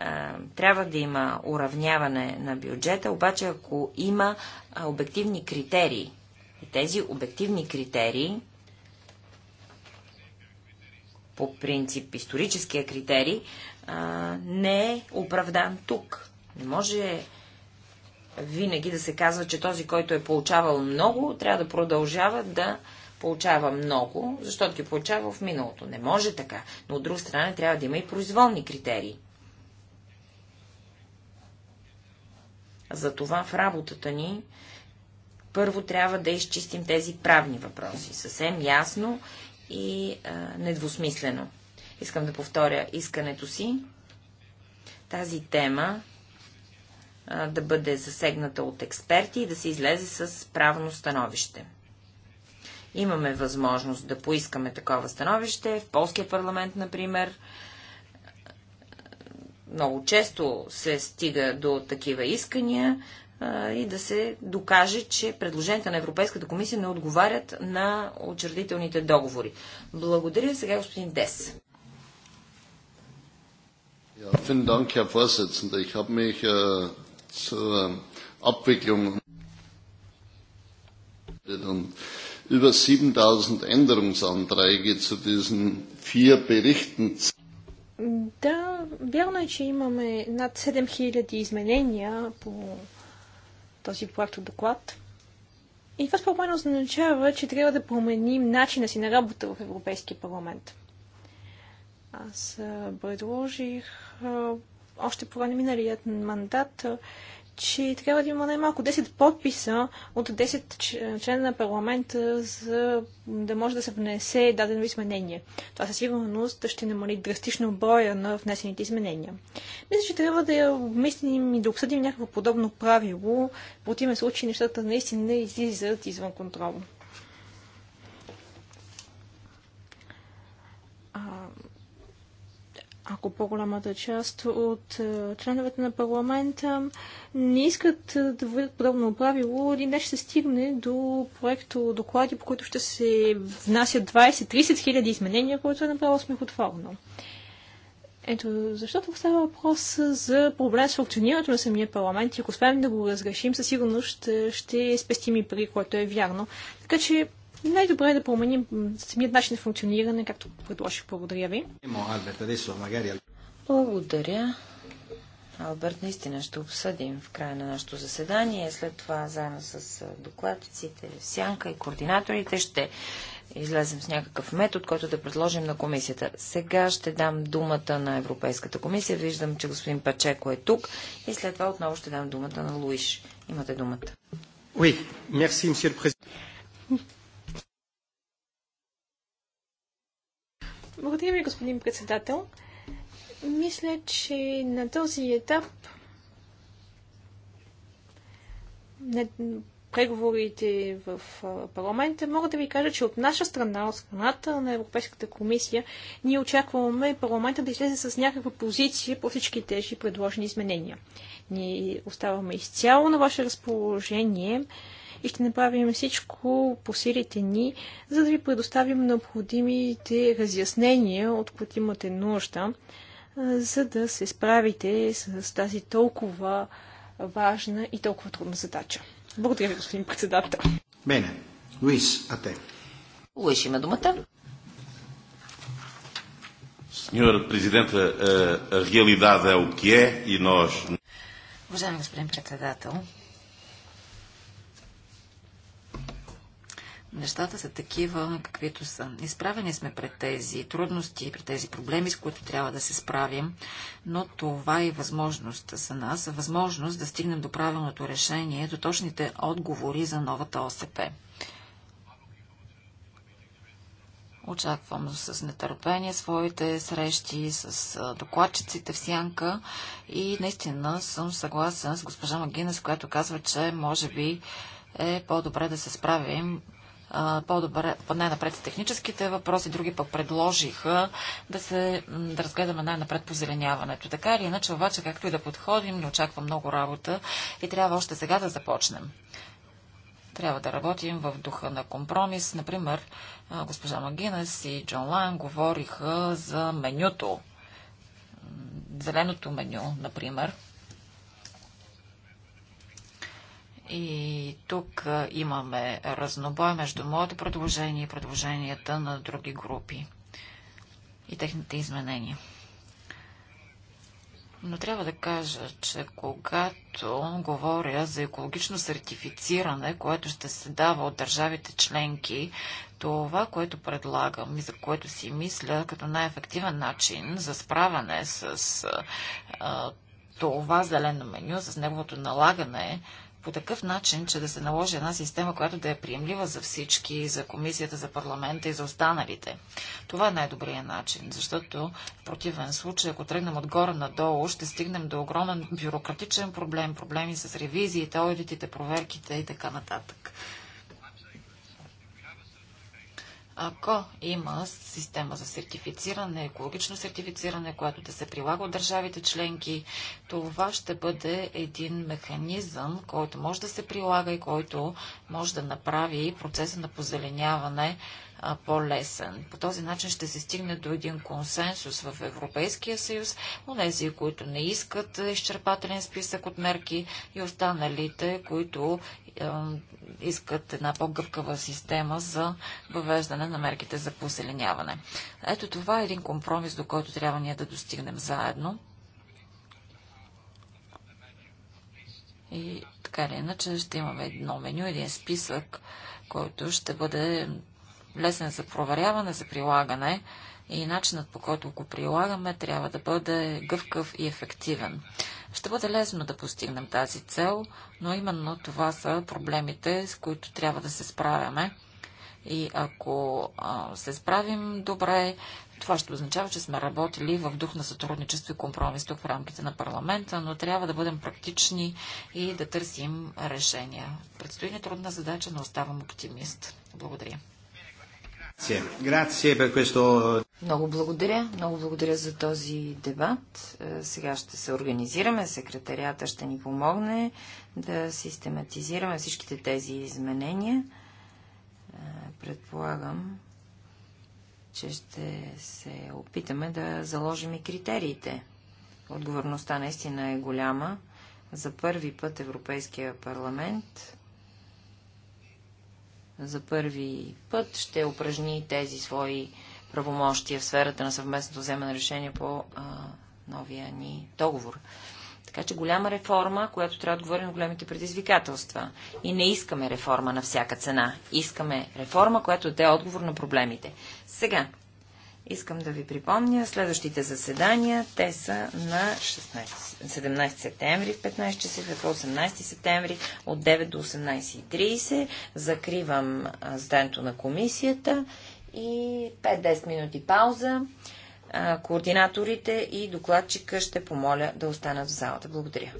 Speaker 1: Е, трябва да има уравняване на бюджета, обаче ако има обективни критерии. И тези обективни критерии, по принцип историческия критерий, не е оправдан тук. Не може винаги да се казва, че този, който е получавал много, трябва да продължава да получава много, защото ги получава в миналото. Не може така. Но от друга страна трябва да има и произволни критерии. Затова в работата ни първо трябва да изчистим тези правни въпроси съвсем ясно и а, недвусмислено. Искам да повторя искането си тази тема а, да бъде засегната от експерти и да се излезе с правно становище. Имаме възможност да поискаме такова становище в Полския парламент, например, много често се стига до такива искания а, и да се докаже, че предложенията на Европейската комисия не отговарят на учредителните договори. Благодаря сега господин Дес.
Speaker 2: Äh, ähm, über 7000 Änderungsanträge zu diesen vier Berichten. Да, вярно е, че имаме над 7000 изменения по този проект доклад. И това според мен означава, че трябва да променим начина си на работа в Европейския парламент. Аз предложих още по време миналият мандат че трябва да има най-малко 10 подписа от 10 члена на парламента, за да може да се внесе дадено изменение. Това със сигурност ще намали драстично броя на внесените изменения. Мисля, че трябва да обмислим и да обсъдим някакво подобно правило. В противен случай нещата наистина излизат извън контрол. ако по-голямата част от е, членовете на парламента не искат е, да въдат подобно правило, или не ще се стигне до проекто доклади, по които ще се внасят 20-30 хиляди изменения, което е направо смехотворно. Ето, защото става въпрос за проблем с функционирането на самия парламент и ако успеем да го разрешим, със сигурност ще, ще спестим и пари, което е вярно. Така че най-добре е да променим самият начин на функциониране, както предложих. Благодаря ви. Благодаря. Алберт, наистина ще обсъдим в края на нашето заседание.
Speaker 1: След това, заедно с докладчиците, Сянка и координаторите, ще излезем с някакъв метод, който да предложим на комисията. Сега ще дам думата на Европейската комисия. Виждам, че господин Пачеко е тук. И след това отново ще дам думата на Луиш. Имате думата.
Speaker 2: Oui, merci, Благодаря ви, господин председател. Мисля, че на този етап на преговорите в парламента, мога да ви кажа, че от наша страна, от страната на Европейската комисия, ние очакваме парламента да излезе с някаква позиция по всички тези предложени изменения. Ние оставаме изцяло на ваше разположение и ще направим всичко по силите ни, за да ви предоставим необходимите разяснения, от които имате нужда, за да се справите с тази толкова важна и толкова трудна задача. Благодаря ви, господин председател. Мене. Луис, а те. Луис има думата. Сеньор Presidente, a,
Speaker 3: a realidade é Уважаеми господин председател, Нещата са такива, каквито са. Изправени сме пред тези трудности, пред тези проблеми, с които трябва да се справим, но това е възможност за нас, възможност да стигнем до правилното решение, до точните отговори за новата ОСП. Очаквам с нетърпение своите срещи с докладчиците в Сянка и наистина съм съгласен с госпожа Магина, с която казва, че може би е по-добре да се справим по-добре, най-напред с техническите въпроси, други пък предложиха да се да разгледаме най-напред по зеленяването. Така или иначе, обаче, както и да подходим, не очаква много работа и трябва още сега да започнем. Трябва да работим в духа на компромис. Например, госпожа Магинес и Джон Лайн говориха за менюто. Зеленото меню, например – И тук имаме разнобой между моето предложение и предложенията на други групи и техните изменения. Но трябва да кажа, че когато говоря за екологично сертифициране, което ще се дава от държавите членки, това, което предлагам и за което си мисля като най-ефективен начин за справяне с а, това зелено меню, с неговото налагане, по такъв начин, че да се наложи една система, която да е приемлива за всички, за комисията, за парламента и за останалите. Това е най-добрият начин, защото в противен случай, ако тръгнем отгоре надолу, ще стигнем до огромен бюрократичен проблем, проблеми с ревизиите, аудитите, проверките и така нататък. Ако има система за сертифициране, екологично сертифициране, което да се прилага от държавите членки, това ще бъде един механизъм, който може да се прилага и който може да направи процеса на позеленяване по-лесен. По този начин ще се стигне до един консенсус в Европейския съюз, но нези, които не искат изчерпателен списък от мерки и останалите, които искат една по-гъвкава система за въвеждане на мерките за поселеняване. Ето това е един компромис, до който трябва ние да достигнем заедно. И така или иначе ще имаме едно меню, един списък, който ще бъде лесен за проверяване, за прилагане и начинът по който го прилагаме трябва да бъде гъвкав и ефективен. Ще бъде лесно да постигнем тази цел, но именно това са проблемите, с които трябва да се справяме. И ако а, се справим добре, това ще означава, че сме работили в дух на сътрудничество и компромис тук в рамките на парламента, но трябва да бъдем практични и да търсим решения. Предстои ни трудна задача, но оставам оптимист. Благодаря.
Speaker 2: Eh,
Speaker 1: Много
Speaker 3: благодаря. Много благодаря за този дебат.
Speaker 1: Е, сега ще се организираме. Секретарията ще ни помогне да систематизираме всичките тези изменения. Е, предполагам, че ще се опитаме да заложим и критериите. Отговорността наистина е голяма. За първи път Европейския парламент за първи път ще упражни тези свои правомощия в сферата на съвместното вземане на решение по а, новия ни договор. Така че голяма реформа, която трябва да отговори на големите предизвикателства. И не искаме реформа на всяка цена. Искаме реформа, която даде отговор на проблемите. Сега, Искам да ви припомня следващите заседания. Те са на 16, 17 септември в 15 часа, след 18 септември от 9 до 18.30. Закривам заседанието на комисията и 5-10 минути пауза. Координаторите и докладчика ще помоля да останат в залата. Благодаря.